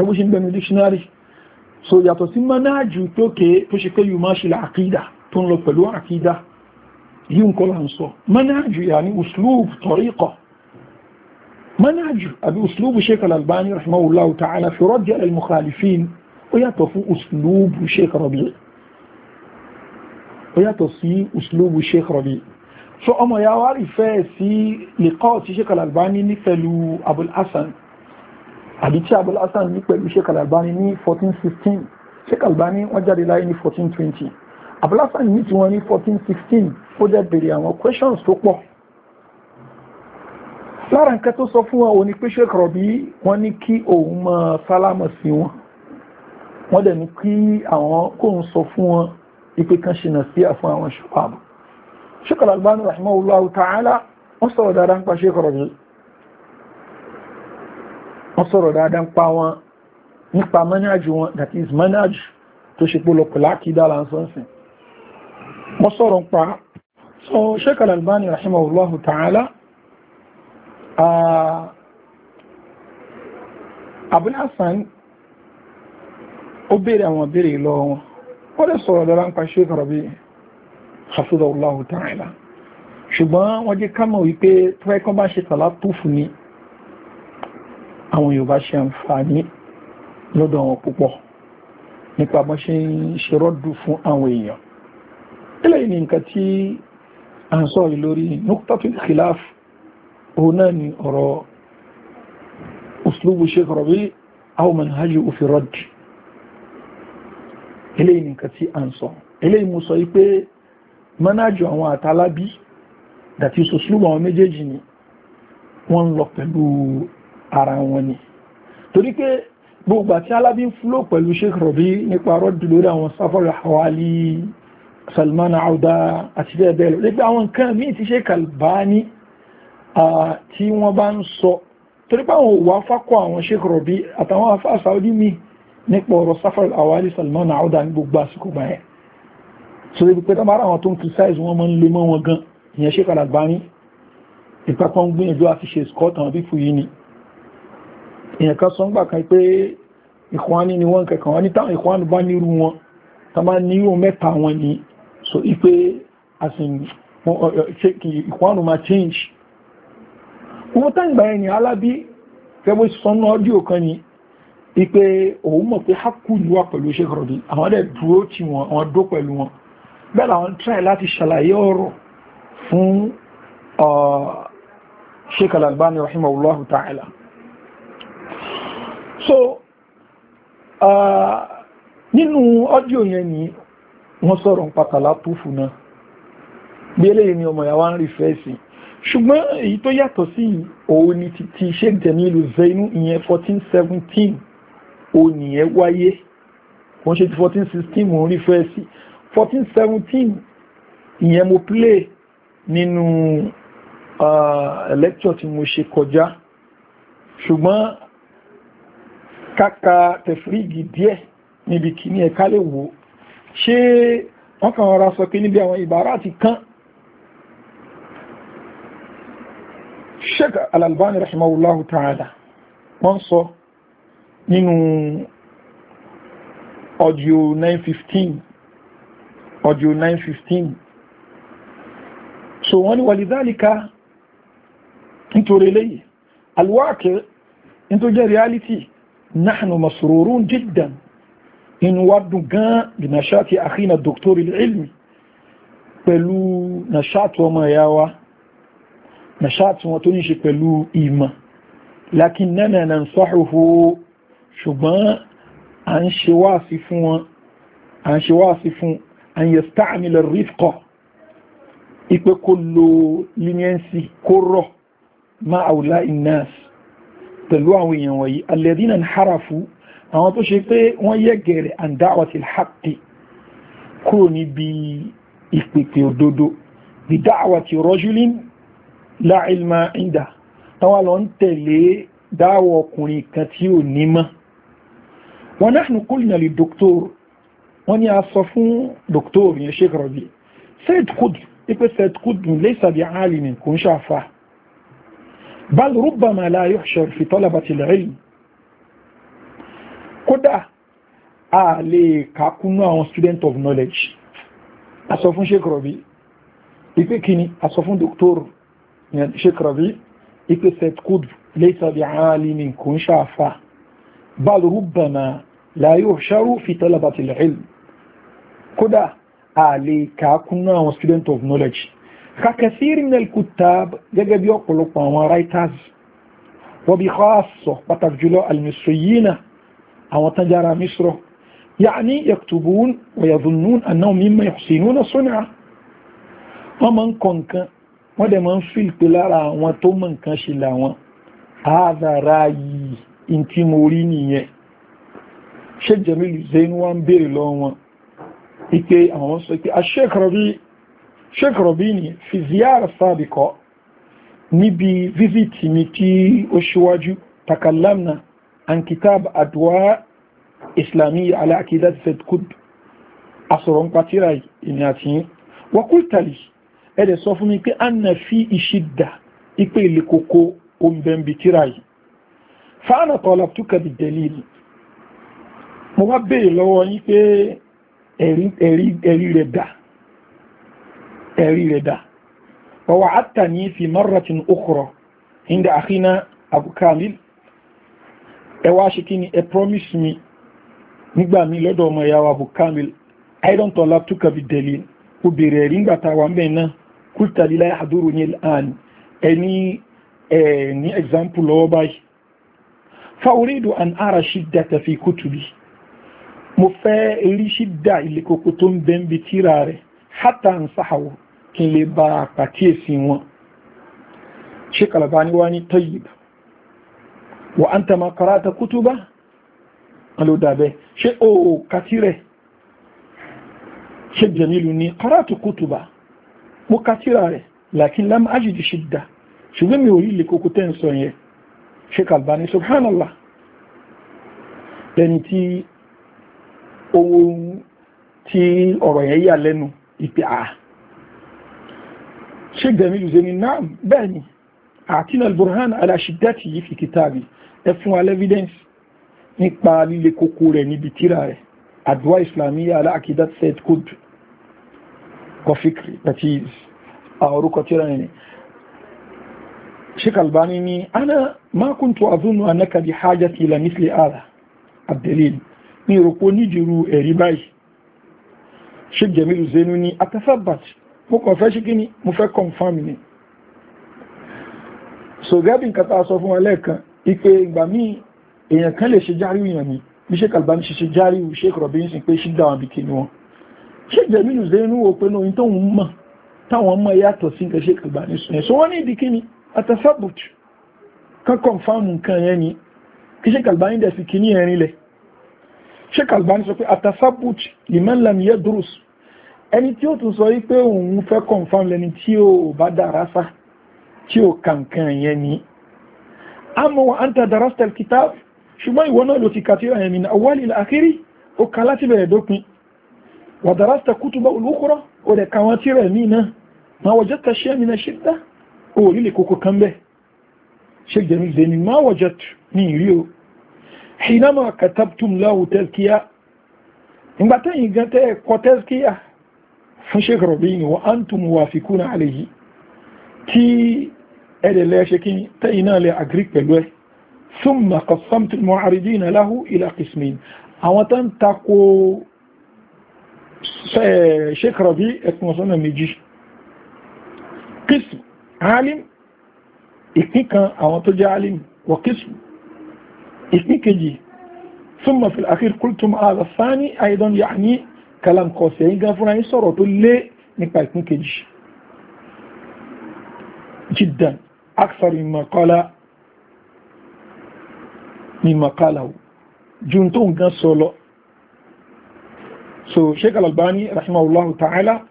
ẹgbó ṣe ń bẹnu dictionary so yàtọ̀ sí manhaj tó ké tó ṣe pé yóò máa ṣe àkídà tó ń lọ pẹ̀lú àkídà yìí ń kọ́ là ń sọ manhaj yà ní uslub tariqa manhaj àbí uslubu sheikh al-albani rahimahullahu ta'ala fi radd al-mukhalifin ó yàtọ̀ fún uslubu sheikh rabi ó yàtọ̀ sí uslubu sheikh rabi so ọmọ ya wá rí fẹ́ sí liqa tí sheikh al-albani ní pẹ̀lú abul hasan àbí tí abul hasan ní pẹ̀lú sheikh al-albani ní 1416 sheikh al-albani wọ́n jáde láyé ní 1420 abul hasan ní tí ní 1416 ó dẹ̀ bèrè àwọn questions tó pọ̀ lára nǹkan tó sọ fún wọn ò ní pé Sheikh Rabi wọ́n ní kí òun mọ sálámà sí wọn wọ́n dẹ̀ ní kí àwọn kóun sọ fún wọn ipe kan ṣe nà sí àfún àwọn ṣùpàbù Sheikh Al-Albani rahimahullahu ta'ala wọ́n sọ̀rọ̀ dáadáa ń pa Sheikh Rabi wọ́n sọ̀rọ̀ dáadáa ń pa wọn nípa manhaj wọn that is manage tó ṣe polo pẹ̀láàkídá lánsánsìn wọ́n sọ̀rọ̀ ń pa so Sheikh Al-Albani rahimahullahu ta'ala Ah, abúlásán ó bèèrè àwọn bèèrè lọ wọn ó lè sọ̀rọ̀ lọ́la ń pa Sheikh Rabi hafizahullahu ta'ala ṣùgbọ́n wọ́n jẹ́ ká mọ̀ wípé tọ́ẹ́kọ́ bá ṣe tàlá tó fún ní àwọn Yorùbá ṣe àǹfààní lọ́dọ̀ wọn púpọ̀ nípa bọ́n ṣe ń ṣe rọ́dù fún àwọn èèyàn ilẹ̀ ìní nǹkan tí à ń sọ̀rọ̀ lórí nuktatul khilaf òun náà ni ọ̀rọ̀ uslubu Sheikh Rabi' aw manhajuhu fi radd eléyìí nìkan tí a ń sọ eléyìí mú sọ wípé manhaju àwọn àtàlábí dàti uslubu àwọn méjèèjì ni wọ́n ń lọ pẹ̀lú ara wọn ni torí pé gbogbo àti alábí ń fúlò pẹ̀lú Sheikh Rabi' nípa rọ́dù lórí àwọn sáfọ́rọ̀ àwálí Salman Auda àti bẹ́ẹ̀ bẹ́ẹ̀ lọ nípa àwọn nǹkan míì tí Sheikh Albani tí wọ́n bá ń sọ torípa àwọn òwà fákọ̀ àwọn Sheikh Rabi àtàwọn afá Saudi mi nípa ọ̀rọ̀ Safar Awali Salman Auda ní gbogbo àsìkò báyẹn so ibi pé tamara àwọn tó ń criticize wọn mọ́ ń lè mọ́ wọn gan ìyẹn Sheikh Al-Albani ìpapọ̀ ń gbìyànjú àti ṣe scott àwọn bífù yìí ni ìyẹn kan sọ ń gbà kan pé ìkwáni ni wọ́n kẹ̀kọ́ wọ́n ní táwọn ìkwáni bá nírú wọn tá máa ní irú mẹ́ta wọn ni so ipe ìkwánu máa change wọ́n tàǹgbà ẹni alábí gẹ́gbẹ́ sọ́nà ọdíò kan ni wípé òun mọ̀ pé hákù ní wà pẹ̀lú ṣe kọ̀rọ̀dì àwọn dẹ̀ dúró tí wọn àwọn dó pẹ̀lú wọn bẹ́ẹ̀ làwọn try láti ṣàlàyé ọ̀rọ̀ fún Sheikh so nínú ọdíò yẹn ni wọ́n sọ̀rọ̀ pàtàlá tó fún bí eléyìí ni ọmọ ìyàwó ń rí fẹ́ sí ṣùgbọ́n èyí tó yàtọ̀ sí òun ni ti sheikh jamilu zainu ìyẹn 1417 òun ìyẹn wáyé wọ́n ṣe ti 1416 mò ń fẹ́ sí 1417 ìyẹn mo play nínú lecture tí mo ṣe kọjá ṣùgbọ́n kàkà tẹ̀frígì díẹ̀ níbi kìíní ẹ̀ká lè wò ṣé wọ́n kàn rọra sọ pé níbi àwọn ìbára àti kán sheik alalbani rahimahullahu ta'ala wọ́n sọ nínú ọdíò 915 ọdíò 915 so wọ́n ni wàlìdálíká nítorí léyìí alwáàkẹ́ nítorí jẹ́ reality nahnu masururun jiddan inú wa dùn gan bí nàṣàtì àkínà dr ilmi pẹ̀lú nàṣàtì ọmọ ìyá nàṣáàtì wọn tó ní ṣe pẹ̀lú ìmọ̀ lákín nánà nà ń sọ́hùhù ṣùgbọ́n a ń ṣe wá sí fún wọn a ń ṣe wá sí fún an yẹ stáàmìlẹ̀ rífkọ̀ ipé kó lo leniency kó rọ̀ ma àwùlá inas pẹ̀lú àwọn èèyàn wọ̀nyí alẹ́dínà harafu àwọn tó ṣe pé wọ́n yẹ gẹ̀rẹ̀ àndáwàtí láìlmà ìdá tánwà lọ ń tẹ̀lé dáwọ ọkùnrin kan tí ò ní mọ́ wọn náà kúlìnà lè dóktór wọ́n ni a sọ fún dóktór yẹn Sheikh Rabi Said Qutb ipe Said Qutb laysa bi alimin kò ń ṣàfà bal rubbama la yuhshar fi talabati al-ilm kódà a lè kàkúnú àwọn student of knowledge a sọ fún Sheikh Rabi ipe kini a sọ fún dóktór يعني شيخ ربيع اكسد قطب ليس بعالم كن شافع بل ربما لا يحشر في طلبة العلم كده عليك كنا student of knowledge ككثير من الكتاب يجب يقلق ورايتاز وبخاصة بترجلو المصريين أو تجار مصر يعني يكتبون ويظنون أنهم مما يحسنون صنعة ومن كنك wọ́n dẹ̀ máa ń fìl pé lára àwọn tó mọ̀ nǹkan ṣe làwọn àádàrá yìí in tí mo rí nìyẹn ṣe Jamilu Zainu wá ń béèrè lọ wọn ike àwọn sọ pé Sheikh Rabi ni fi ziyara níbi fífìtì mi tí ó ṣíwájú takalamna an kitab adwa islamiyya ala akidat Sayyid Qutb asọ̀rọ̀ ń patíra ìní àti yín wa ẹ̀dẹ̀ sọ fún mi pé a nà fi ìṣìdà ipé ilé kòkó oúnbẹ̀mbi tíra yìí fàánà tọ́lá túkà bí dẹ̀lìlì mo wá béèrè lọ́wọ́ yín pé ẹ̀rí rẹ̀ dà ẹ̀rí rẹ̀ dà wọ́wọ́ àtà ní fi marratin okoro inda àkínà abukamil ẹ wá ṣe kí ni ẹ promise me nígbà mi lọ́dọ̀ ọmọ ìyàwó abukamil i don tọ́lá túkà bí dẹ̀lìlì kò béèrè ẹ̀rí ńgbàtà wà mẹ́ náà kúta lílá àdúrò ní al'an ẹni ní example lọ́wọ́ báyìí fa'uridu an ara ṣídà tafi kútùbí mo fẹ́ rí ṣídà ilé kòkó tó ń bẹ́ ń bi tíra rẹ̀ hátà ń sáhàwò kí n lè bá pàkíyèsí wọn ṣe kalabani wá ní tayyib wa an ta makara ta kútùbá alódàbẹ́ ṣe o kàtírẹ̀ ṣe jẹ́mílù ní kọ́ràtù kútùbá mo ka tíra rẹ̀ lakin lam ajid shidda ṣùgbọ́n mi ò rí lè kókó tẹ́ ń sọ yẹn Sheikh Albani subhanallah lẹ́ni tí ohun tí ọ̀rọ̀ yẹn yà lẹ́nu ìpè àà Sheikh Jamilu Zeni náà bẹ́ẹ̀ ni àtinà al-burhan ala shiddatihi fi kitabi ẹ fún wa evidence nípa líle kókó rẹ̀ níbi tíra rẹ̀ àdúrà islamiyya ala said qutb kofikri that is a orúkọ tíra ẹni Sheikh Albani ni ana ma kuntu azunnu annaka bi hajati ila misli ala ad-dalil ni roko ni jiru ẹ̀rí báyìí Sheikh Jamilu Zenu ni atathabbat mo kàn fẹ́ ṣe kí ni mo fẹ́ confirm ni so gabin ka sọ fún wa ipe ìgbà míì èèyàn kan lè ṣe járíwì yàn ni bí Sheikh Albani ṣe ṣe járíwì Sheikh Robinson pé ṣídà wọn bí ni wọn ṣé jẹ̀mínú zẹ́nu wò pé lóyún tóun mọ̀ táwọn mọ̀ yàtọ̀ sí nǹkan ṣe kàgbà ní sùn so wọ́n ní ìdí kíni atasabbut kan confirm nǹkan yẹn ni kí ṣe kàgbà ní dẹ̀sí kíní yẹn rinlẹ̀ ṣe kàgbà ní sọ pé atasabbut liman lam yadrus ẹni tí ó tún sọ yí pé òun fẹ́ confirm lẹni tí ó bá dára sá tí ó kà nǹkan yẹn ni àmọ́ wa anta darastal kitab ṣùgbọ́n ìwọ náà ló ti kàtí ọ̀yẹ̀mí ní awwalil akhiri ó kà láti bẹ̀rẹ̀ dópin ودرست كتب الأخرى ولكواتر مينا ما وجدت شيئا من الشدة أولي لكوكو كمبه شيخ جميل زيني ما وجدت من ريو حينما كتبتم له تزكية إن بتاني جنت كتزكية فشيخ ربين وأنتم موافقون عليه تي أدي لا شكين تينا لأجريك بلوه ثم قسمت المعارضين له إلى قسمين أو تنتقوا sheik rabi ẹkùn ọ̀sánà méjì kìsù alim ìpín kan àwọn tó jẹ́ alim wọ kìsù ثم في الأخير قلتم هذا الثاني أيضا يعني كلام قاسي إن كان فرعي صورة لي نكبايت نكيج جدا أكثر مما قال مما قاله جنتون كان صولو so sheik al-albani rahimahullahu ta'ala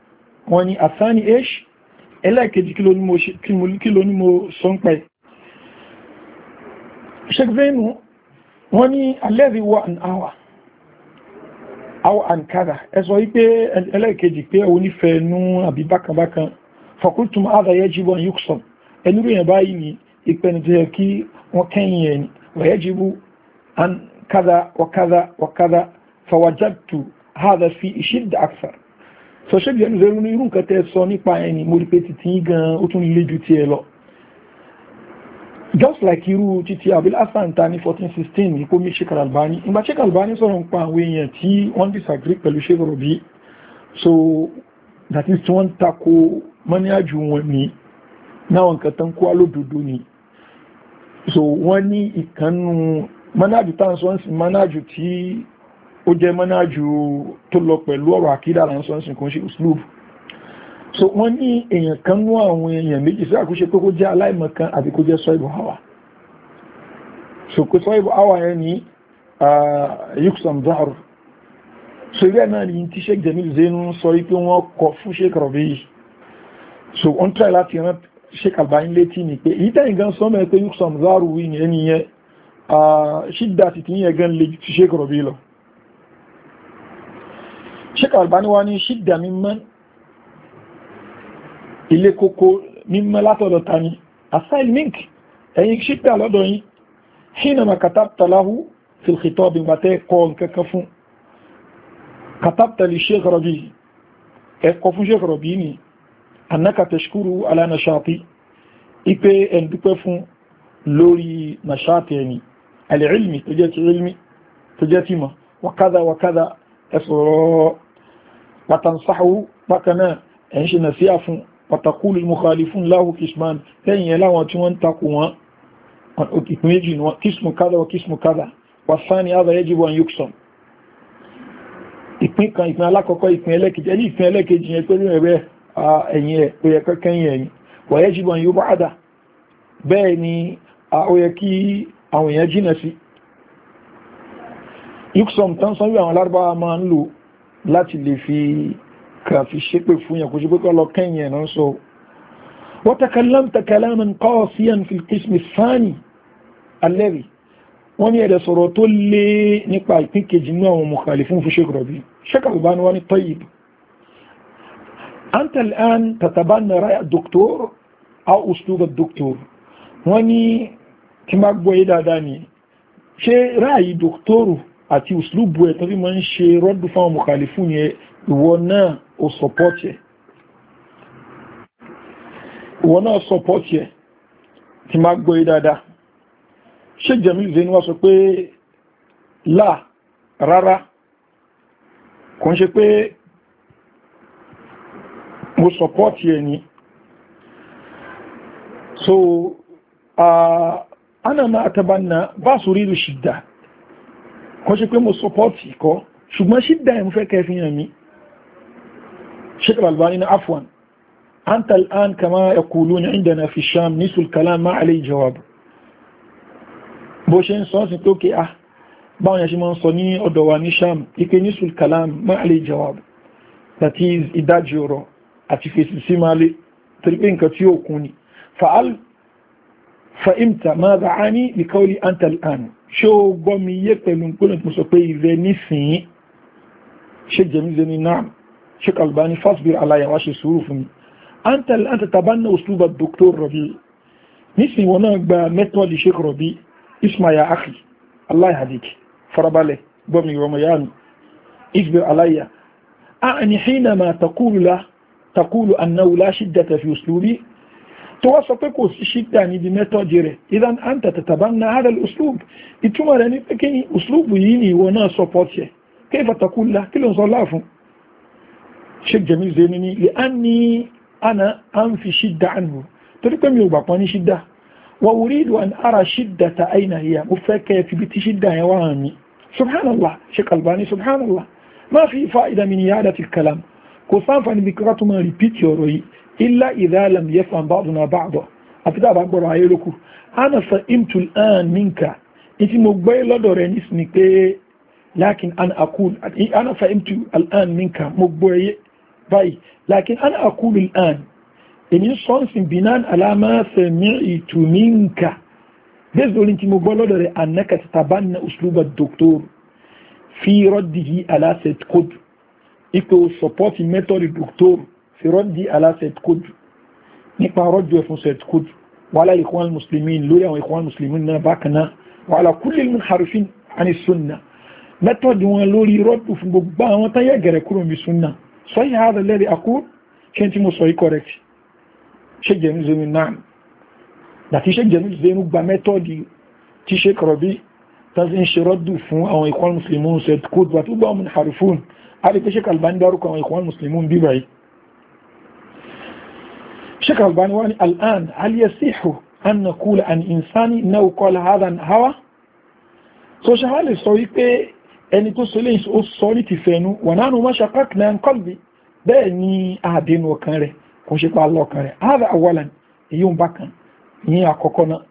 wọ́n ni asani h ẹlẹ́ẹ̀kejì kí ló ní mo sọ ń pẹ́ sheik zainu wọ́n ni alẹ́rí wa an awa awa an kada ẹsọ wípé ẹlẹ́ẹ̀kejì pé o nífẹ̀ẹ́ nú àbí bákanbákan fakultum adha yajibu an yuksam ẹni rí yẹn báyìí ni ìpẹni tó yẹ kí wọ́n kẹ́yìn yẹn ni wa yajibu an kada wa kada wa hada fi ìṣídà àkfàr sọ ṣe bìyànjú zẹ́rù ní irú nǹkan tẹ́ sọ nípa ẹni mo rí pé títí gan ó just like irú títí abil hasan ta 1416 ní kó mi sheikh albani ìgbà sheikh albani sọ̀rọ̀ nípa àwọn èèyàn tí wọ́n disagree pẹ̀lú sheikh robi so that is tí wọ́n tako mọ́níájú wọn ni náwọn nǹkan tán kó alódodo ni so wọ́n ní ìkànnù mọ́nájú táwọn sọ́nsìn mọ́nájú tí ó jẹ́ mọ́nájú tó lọ pẹ̀lú ọ̀rọ̀ àkídà àwọn sọ́nsìn kan ṣe so wọ́n ní èèyàn kan mú àwọn èèyàn méjì sí àkúṣe pé kó jẹ́ aláìmọ̀ àti kó jẹ́ sọ́ìbù hawa so kó sọ́ìbù hawa yẹn ní yuksam zaharu so ilé náà ni tí sheik jamil zenu sọ wípé wọ́n kọ fún sheik rabi so wọ́n try láti rán sheik albani létí ni pé èyí tẹ́yìn gan sọ́mọ̀ pé yuksam zaharu wí ni ẹni yẹn ṣídà ti ti yẹn gan le sheik rabi lọ Sheikh Albani wá ní ṣídà mímọ́ ilé kókó mímọ́ látọ̀dọ̀ ta ni asail mink ẹ̀yìn ṣídà lọ́dọ̀ yìí hínàmà katabta lahu fil khitab gbàtẹ́ kọ́ nkankan fún katabta li Sheikh Rabi ẹ̀kọ́ fún Sheikh Rabi ni annaka tashkuru ala nashati ipe ẹ̀ndúpẹ́ fún lórí nashati ẹni alẹ́ ilmi tó jẹ́ ti pàtàkì bákanáà ẹ̀yìn ṣe nàṣíà fún pàtàkùlù mukhalifun lahu kisman lẹ́yìn ẹláwọn tí wọ́n takò wọn ìpín méjì wọn kismu kada wa kismu kada wasani ada yajibu an yuksam ìpín kan ìpín alákọ̀ọ́kọ́ ìpín ẹlẹ́kejì ẹni ìpín ẹlẹ́kejì yẹn pẹ̀lú ẹ̀rẹ́ ẹ̀yìn ẹ̀ ó yẹ kẹ́kẹ́yìn ẹ̀yìn wa yajibu an yub'ada bẹ́ẹ̀ ni ó yẹ kí àwọn tán sanwó àwọn lárúbáwá máa ń lò láti lè fi kà fi ṣépè fún yàn kò ṣe pé kọ́ lọ kẹ́yìn ẹ̀nà sọ wa takallamta kalaman qasiyan fil qismi thani alladhi wọ́n ní ẹ̀rẹ̀ sọ̀rọ̀ tó lé nípa ìpín kejì ní àwọn mukhalifun fún Sheikh Rabi Sheikh Albani wọ́n ní tayyib anta al'an tatabanna ra'y ad-doktor aw uslub ad-doktor wọ́n ní kí má gbọ́ yí dáadáa ni ṣe ráàyí dòktórù àti uslubu ẹ̀ tó fi máa ń ṣe rọ́dù fáwọn mukhalifun yẹn ìwọ náà ó sọpọ́tì ẹ̀ ìwọ náà sọpọ́tì ẹ̀ tí máa gbọ́ yí dáadáa ṣé Jamil Zain sọ pé láà rárá kò ń ṣe pé mo sọpọ́tì ẹ̀ ni so uh, ana ma atabanna ba su rilu shidda kọ́ ṣe pé mo sọpọ́tì ikọ́ ṣùgbọ́n ṣí dá ẹ̀mú fẹ́ kẹfì hàn mí Sheikh al-Albani ní afwan anta al-an kama yaquluna indana fi sham nisul kalam ma alayhi jawab bó ṣe ń sọ́nsìn tó kí ah báwọn yà ṣe máa ń sọ ní ọ̀dọ̀ wa ní sham ike nisul kalam ma alayhi jawab that is ìdájì ọ̀rọ̀ àti fèsì sí máa lé torí pé nǹkan tí ó kún ni fa'al fa'imta ma da'ani bi qawli anta al-an ṣé o gbọ́ mi yé pẹ̀lú pínlẹ̀ tó sọ pé ìrẹ́ nísìnyí ṣe jẹ́míze ní náà ṣe kàlùbá ní fásbír aláyàwá ṣe sùúrù fún mi antàlẹ́ antàtàbá náà òṣùlùbà dr rọ̀bí nísìnyí wọn náà gba mẹ́tọ́ọ̀lì ṣe rọ̀bí ismaya akhi aláìhàdìkì farabalẹ̀ gbọ́ mi rọmọ yá mi isbir aláyà توسطك وشيك يعني دي نتو إذا أنت تتبنى هذا الأسلوب إتما لاني فكي أسلوب ييني وانا سوبوتي كيف تقول له كل نصر الله جميل زينني لأني أنا أنفي شدة عنه تركم يوبا باني شدة وأريد أن أرى شدة أين هي مفكة في بيت شدة يا وامي سبحان الله شيك الباني سبحان الله ما في فائدة من إعادة الكلام كوسان فاني بكرة ما ريبيت يوروي ilá ìdálẹ̀m yẹfàn báwọn náà báàdọ̀ àti tá a bá gbọ́rọ̀ ayé lókù anasa imtul an minka ìtí mo gbé lọ́dọ̀ rẹ̀ nísìnyí pé lakin an akul anasa imtul an minka mo gbọ́ ẹyẹ báyìí lakin an akul an èmi sọ́nsìn binan alama sẹ̀mí ìtùmínka bẹ́ẹ̀ lórí tí mo gbọ́ lọ́dọ̀ rẹ̀ annaka tatabanna usluba doctor fi raddihi ala said kod ipe support method doctor fi rọ́dì aláṣẹ́tkódù nípa rọ́dù ẹ̀fún ṣẹ́tkódù wàhálà ikhwan muslimin lórí àwọn ikhwan muslimin náà bákan náà wàhálà kulli munharifin àni sunna mẹ́tọ́dì wọn lórí rọ́dù fún gbogbo àwọn tán yẹ gẹ̀rẹ̀ kúrò mi sunna sọ́yìn hàdà lẹ́rìí akú ṣe tí mo sọ yìí correct ṣe jẹ̀mí zenu náà dàtí ṣe jẹ̀mí zenu gba mẹ́tọ́dì tí ṣe kọ̀rọ̀bí tàbí ń ṣe rọ́dù fún àwọn شكرا البانواني الآن هل يصيح أن نقول أن إنساني نو قال هذا هوا سوشهال سويك أن يكون سليس أو سولي تفينو ونانو ما شقاك نان قلبي بني أهدين وكاري كنشيك الله كاري هذا أولا يوم باكا نيا كوكونا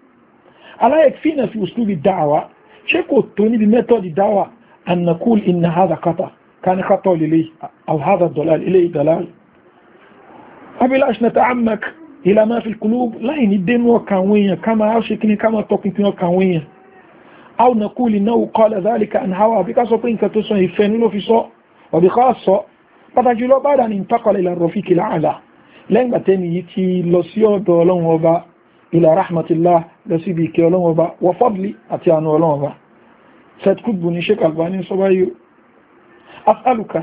على يكفينا في أسلوب الدعوة شكو توني بميتود الدعوة أن نقول إن هذا خطأ كان خطأ لليه أو هذا الضلال إليه ضلال abilash na ta'amak ila ma fi kulub láì ní dénú ọkàn àwọn èèyàn ká máa ṣe kí ni ká máa tọpinpin ọkàn àwọn èèyàn aw na kú lè náà qala zalika an hawa àbí ká sọ pé nǹkan tó sọ ìfẹ́ ní ló fi sọ ọ̀bí ká sọ pàtàkì lọ bá dà ní intakala ila rafiqil a'la lẹ́yìn àtẹ́ni yìí ti lọ sí ọ̀dọ̀ ọlọ́run ila rahmatillah lọ sí ibi ìkẹ́ ọlọ́run ọba wa fadli àti àánú ọlọ́run ọba seth kutbu ní sheik albani sọ báyìí as'aluka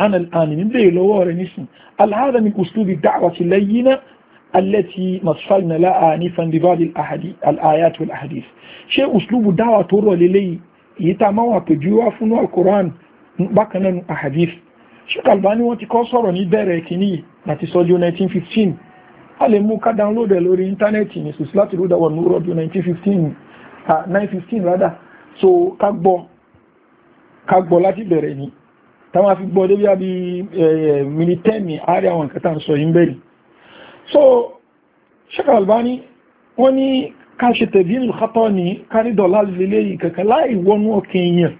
أنا الآن من بيه لوار نسم هل هذا من أسلوب الدعوة اللينة التي مصفلنا لا آنفا ببعض الآيات والأحاديث شيء أسلوب الدعوة ترى للي يتموى تجوا فنو القرآن بكنا أحاديث شيء الباني وانت كوصر نبرة كني نتي سوليو 1915 هل مو كدانلود لوري انترنت نسوس لا تلودا ونورو 1915 915 rather so kagbọ kagbọ láti bẹ̀rẹ̀ ta ma fi gbọ́ débí àbí militẹ́mì àárí àwọn kẹta sọ yí ń bẹ̀rẹ̀ so Sheikh Albani wọ́n ní ká ṣe tẹ̀bínú kátọ́ ní kárídọ̀lá lélẹ́yìn kẹkẹ láì wọnú ọkẹ̀ èèyàn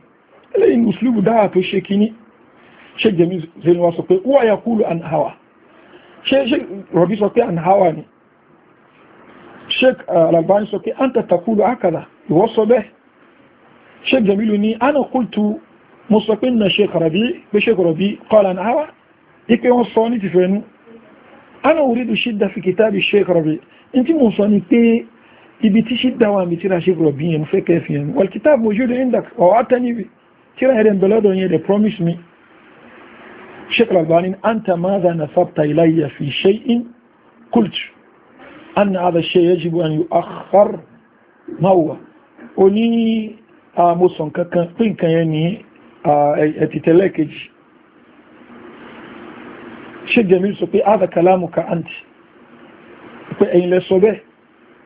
eléyìn muslimu dáa tó ṣe kíní ṣe jẹ́mi zenu sọ pé anhawa ṣe rọ̀bí sọ anhawa ni Sheikh Albani sọ pé an tàtàkúrò akàdà ìwọ́sọ bẹ́ẹ̀ Sheikh Jamilu ni ana kultu mo sọ pé nà Sheikh Rabi pé Sheikh Rabi qala àwá ipé wọ́n sọ ní ti fẹ́nu ana uridu shidda fi kitabi Sheikh Rabi in tí mo sọ ni pé ibi tí shidda wà mi tíra Sheikh Rabi yẹn mo fẹ́ kẹfì yẹn wal kitab mawjud indak ọ̀ átẹ́nibi tíra ẹ̀rẹ̀ bẹ̀lọ́dọ̀ yẹn dẹ̀ promise me Sheikh Al-Albani anta madha nasabta ilayya fi shay'in qultu anna hadha ash-shay' yajibu an yu'akhkhar ma huwa oní àmọ́sàn kankan pé nǹkan yẹn nìyẹn Ah, ẹ̀tìtẹ̀lẹ̀ kejì Sheikh Jamil sọ pé áàdà kalamuka anti pé ẹ̀yin lẹ sọ bẹ́ẹ̀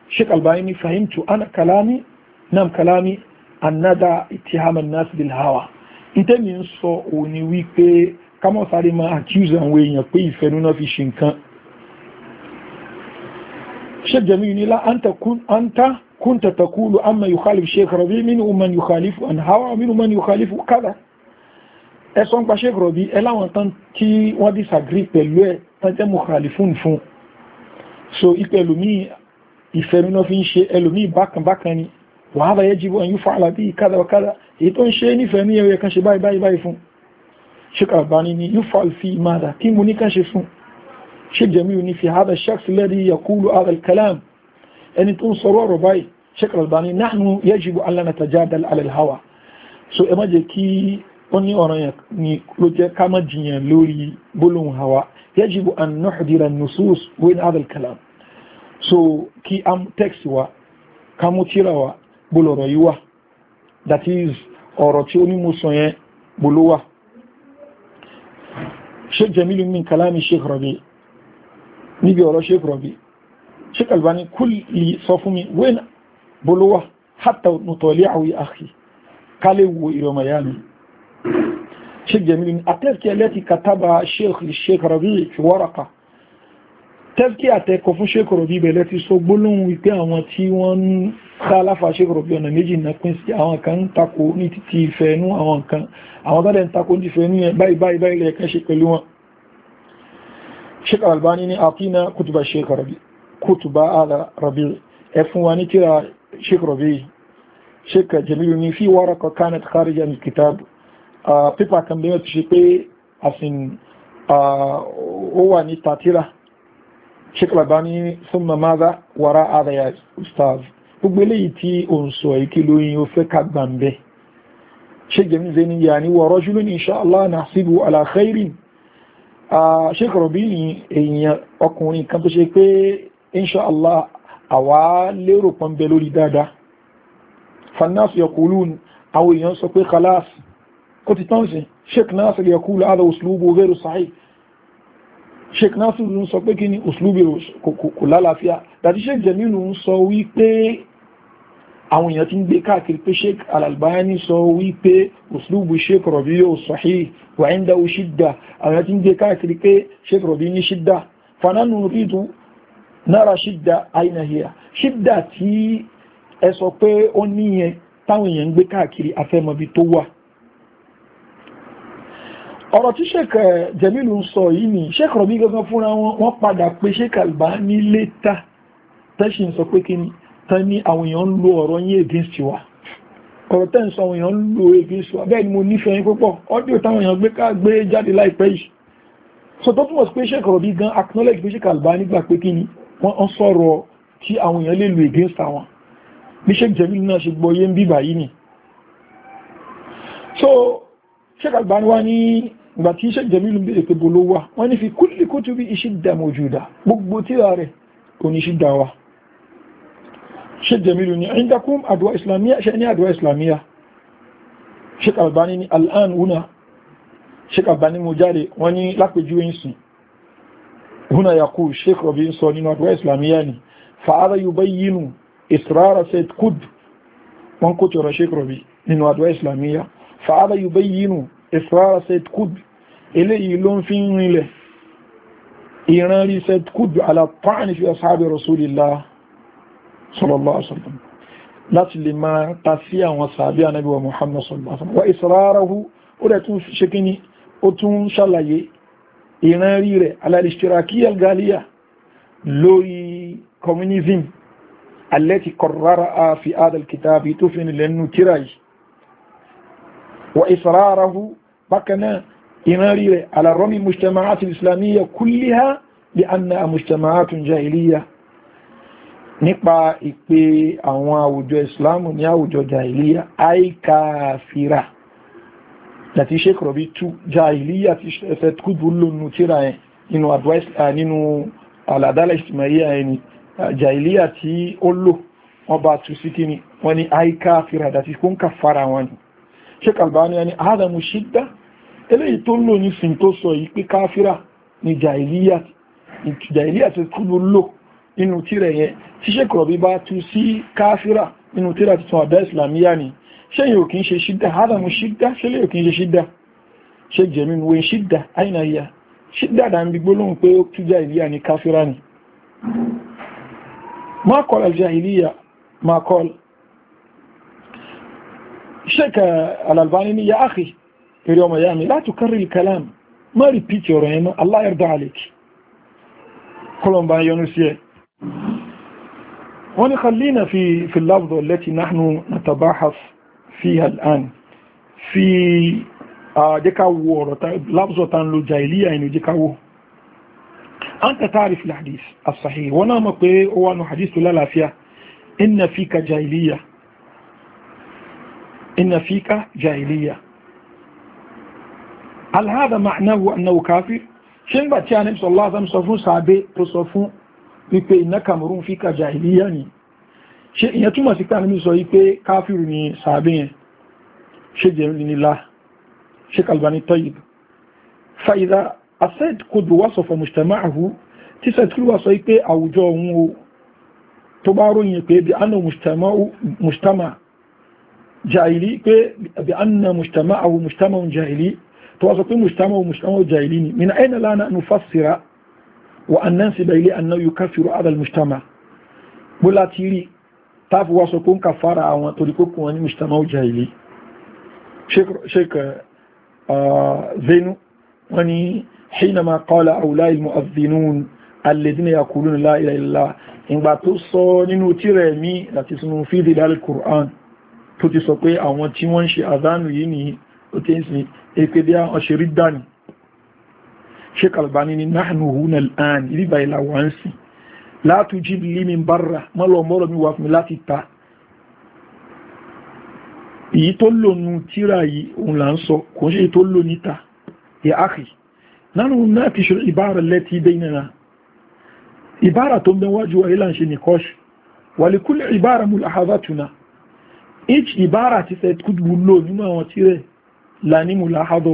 Sheikh Albani ni fahimtu ana kalami nam kalami annada ittihaman nas bil hawa ìtẹ́ mi ń sọ òní wípé kámọ́ sáré máa accuse àwọn èèyàn pé ìfẹ́nú náà fi ṣe nǹkan Sheikh Jamil ni lá anta kun anta كنت تقول أما يخالف الشيخ ربي منهم من يخالف عن هوى ومنهم من يخالف كذا ẹ sọ ń pa Sheikh Rabi ẹ láwọn tán tí wọ́n disagree pẹ̀lú ẹ̀ tán jẹ́ mukhalifun fún so ipò ẹlòmíì ìfẹ́núná fi ń ṣe ẹlòmíì bákanbákan ni wa hadha yajibu an yuf'ala bihi kadha wa kadha èyí tó ń ṣe nífẹ̀ẹ́ ní ẹ̀rẹ́ kan ṣe báyìí báyìí báyìí fún Sheikh Albani ni yuf'al fi madha kí mo ní kan ṣe fún Sheikh Jamiu ni fi hadha shakhs alladhi yaqulu hadha al ẹni tó ń sọ̀rọ̀ ọ̀rọ̀ báyìí sheikh albani nahnu yajibu an la natajadal ala alhawa so ẹ má jẹ́ kí ó ní ọ̀ràn yẹn ni ló jẹ́ ká má jiyàn lórí gbólóhùn hawa yajibu an nuhdira nusus wain adal kalam so kí am text wa ká mú tíra wa gbólọ̀rọ̀ yìí wa that is ọ̀rọ̀ tí ó ní mo sọ yẹn gbóló wa sheikh jamilu min kalami sheikh rabi níbi ọ̀rọ̀ sheikh rabi sheikh albani kulli sọ fún mi wain bólówà hátà nùtọ̀lẹ́ àwọn àkì kálẹ̀wò ìrọmọ̀yáni sheik jamilin a tẹ́fkíyà lẹ́tí kataba sheik sheik rabi fi waraka tẹ́fkí àtẹ́kọ̀ fún sheik rabi bẹ̀lẹ́ ti sọ gbólóhùn wípé àwọn tí wọ́n ń sáláfà sheik rabi ọ̀nà méjì na pín sí àwọn kan ń takò ní títí ìfẹ́nú àwọn kan àwọn tọ́lẹ̀ ń takò ní ìfẹ́nú yẹn báyìí báyìí báyìí lẹ́ẹ̀kan ṣe pẹ̀lú wọn sheik albani ni àfihàn kutuba sheik rabi kutuba ala rabi ẹ fún wa ní tíra Sheikh Rabi Sheikh Jalilu ní fi waraka kanat kharijan al-kitab pépà kan bí wọ́n ti ṣe pé àsìn ó wà ní tàtírà Sheikh Albani summa madha wara adaya ustaz gbogbo eléyìí tí ó ń sọ èyí kí lóyìn ó fẹ́ ká gbàǹbẹ́ Sheikh Jamiu Zaini yani wa rajulun insha Allah nahsibu ala khairin Sheikh Rabi ni èèyàn ọkùnrin kan tó ṣe pé insha Allah àwa lérò pọ́n bẹ lórí dáadáa fanáàsì yaqulu àwọn èèyàn sọ pé khalas ó ti tán sí sheikh nasir yaqulu ala uslubu ghayru sahih sheikh nasir ń sọ pé kí ni uslubu kò lálàáfíà dàbí sheikh jamilu ń sọ wípé àwọn èèyàn ti ń gbé káàkiri pé sheik al-albani sọ wípé uslubu sheik rọ̀bí yóò sọ̀hí wà ń dáwó ṣídà àwọn èèyàn ti ń gbé káàkiri pé sheik rọ̀bí ní ṣídà fanánù rídùn nára ṣídà àìnàhíà ṣídà tí ẹ sọ pé ó níyẹn táwọn èèyàn ń gbé káàkiri afẹ́mọbi tó wà ọ̀rọ̀ tí sheik eh, jamilu ń sọ yìí ni sheik rọ̀bí gangan fúnra wọn padà pé sheik albani létà tẹ́ṣì sọ pé kí ni tán ní àwọn èèyàn ń lo ọ̀rọ̀ yín against wa ọ̀rọ̀ tẹ́ ń sọ àwọn èèyàn ń lo against wa bẹ́ẹ̀ ni mo nífẹ̀ẹ́ yín púpọ̀ ọ́díò táwọn èèyàn gbé ká gbé jáde láìpẹ́ yìí so tó túmọ̀ sí pé sheik rọ̀bí gan acknowledge pé sheik albani gbà pé kí ni wọ́n sọ̀rọ̀ tí àwọn èèyàn lè lò against àwọn bí Sheikh Jamil náà ṣe gbọ́yé ń bí báyìí ni so Sheikh Albani wá ní ìgbà tí Sheikh Jamil ń bèèrè pé bolo wà wọ́n ní fi kulli kutubi ishidda mawjuda gbogbo tíra rẹ̀ kò ní ṣídà wa Sheikh Jamil ní indakum àdúwà islamiyya ṣe ní àdúwà هنا يقول الشيخ ربيع صونين ودواء إسلامياني يعني، فهذا يبين إصرار سيد قد من كتر الشيخ ربيع من ودواء إسلامية فهذا يبين إصرار سيد قد إليه لون فين إليه إيراني سيد قد على الطعن في أصحاب رسول الله صلى الله عليه وسلم لاتي لما máa ta sí àwọn صلى الله عليه وسلم وإصراره alaihi wasallam wa israrahu ó ينريري على الاشتراكية الغالية لوي كومينيزم التي قررها في هذا الكتاب تفن لأنه تراج وإصراره بكنا ينريري على رمي المجتمعات الإسلامية كلها لأنها مجتمعات جاهلية نقبع إكبي أنواع وجو إسلام ونيا وجو جاهلية أي كافرة láti sheik rọ̀bí tú jahiliya àti ẹ̀fẹ́ kúbù lónú tíra ẹ̀ nínú advice nínú aládàlẹ̀ ìsìnmáyé ẹni jahiliya tí ó lò wọ́n bá tú sí kí ni wọ́n ni àìká fìràdà tí kó ń kà fara wọn ni sheik albani ẹni adamu shidda eléyìí tó lò ní sin tó sọ yìí pé káfíra ni jahiliya jahiliya àti kúbù lò nínú tíra yẹn tí sheik rọ̀bí bá tú sí káfíra nínú tíra tuntun àdá ìsìlámíyà ni شيء يمكن شيء شدة هذا مش شدة شيء يمكن شيء شدة شيء جميل وين شدة أين هي شدة دام بيقولون في الجاهلية يعني كافراني ما قال الجاهلية ما قال شك على الباني يا أخي في يوم يامي لا تكرر الكلام ما ريبيت يورينا الله يرضى عليك كلهم بان يونسي ونخلينا في في اللفظ التي نحن نتباحث فيها الآن في جكاو آه لفظة تنلو جاهلية إنه جكاو أنت تعرف الحديث الصحيح وانا ما قوي هو أنه حديث لا لافيا إن فيك جاهلية إن فيك جاهلية هل هذا معناه أنه كافر؟ شنبا تشانب صلى الله عليه وسلم صفون صعبي تصفون إنك مرون فيك jahiliya يعني ṣe ìyẹn túmọ̀ sí pé àníbí sọ yí pé káfíru ni sàábíyàn ṣe jẹ́rin nílá ṣe kalbani tọ́yìb fàìdá asẹ́d kodo wá sọ fọ mùsùlùmá àhú tí sẹ́tìrì wá sọ yí pé àwùjọ òun o tó bá ròyìn pé bí anna mùsùlùmá jàìlì pé bí anna mùsùlùmá àhú táàfi wá sọ pé ń kà fara àwọn torí pé kún wọn ní mùsùlùmá ó jahili sheik uh, zainu wọn ni hinama qala àwùlá ilmu azinun alladhina yaquluna la ilaha illallah ìgbà tó sọ nínú tírẹ̀ mi àti sunu fi dhilal Qur'an tó ti sọ pé àwọn tí wọ́n ń ṣe àzánù ni ó ti ń sin èkédé àwọn ṣe rí dání albani ni nahnu huna al'an ìbíbà ìlà wọ́n látú jíbi lími bára mọ́lọ̀ mọ́rọ̀ mi wà fún mi láti ta èyí tó lónú tíra yìí òun là ń sọ kò ń ṣe tó ló níta ya akhi nánú náà ti ṣe ìbára lẹ́tí dẹ́nìyàn ìbára tó ń bẹ wájú wa ilá ń ṣe nìkọ́ṣù wàlíkúlẹ̀ ìbára mú àhádátuna each ìbára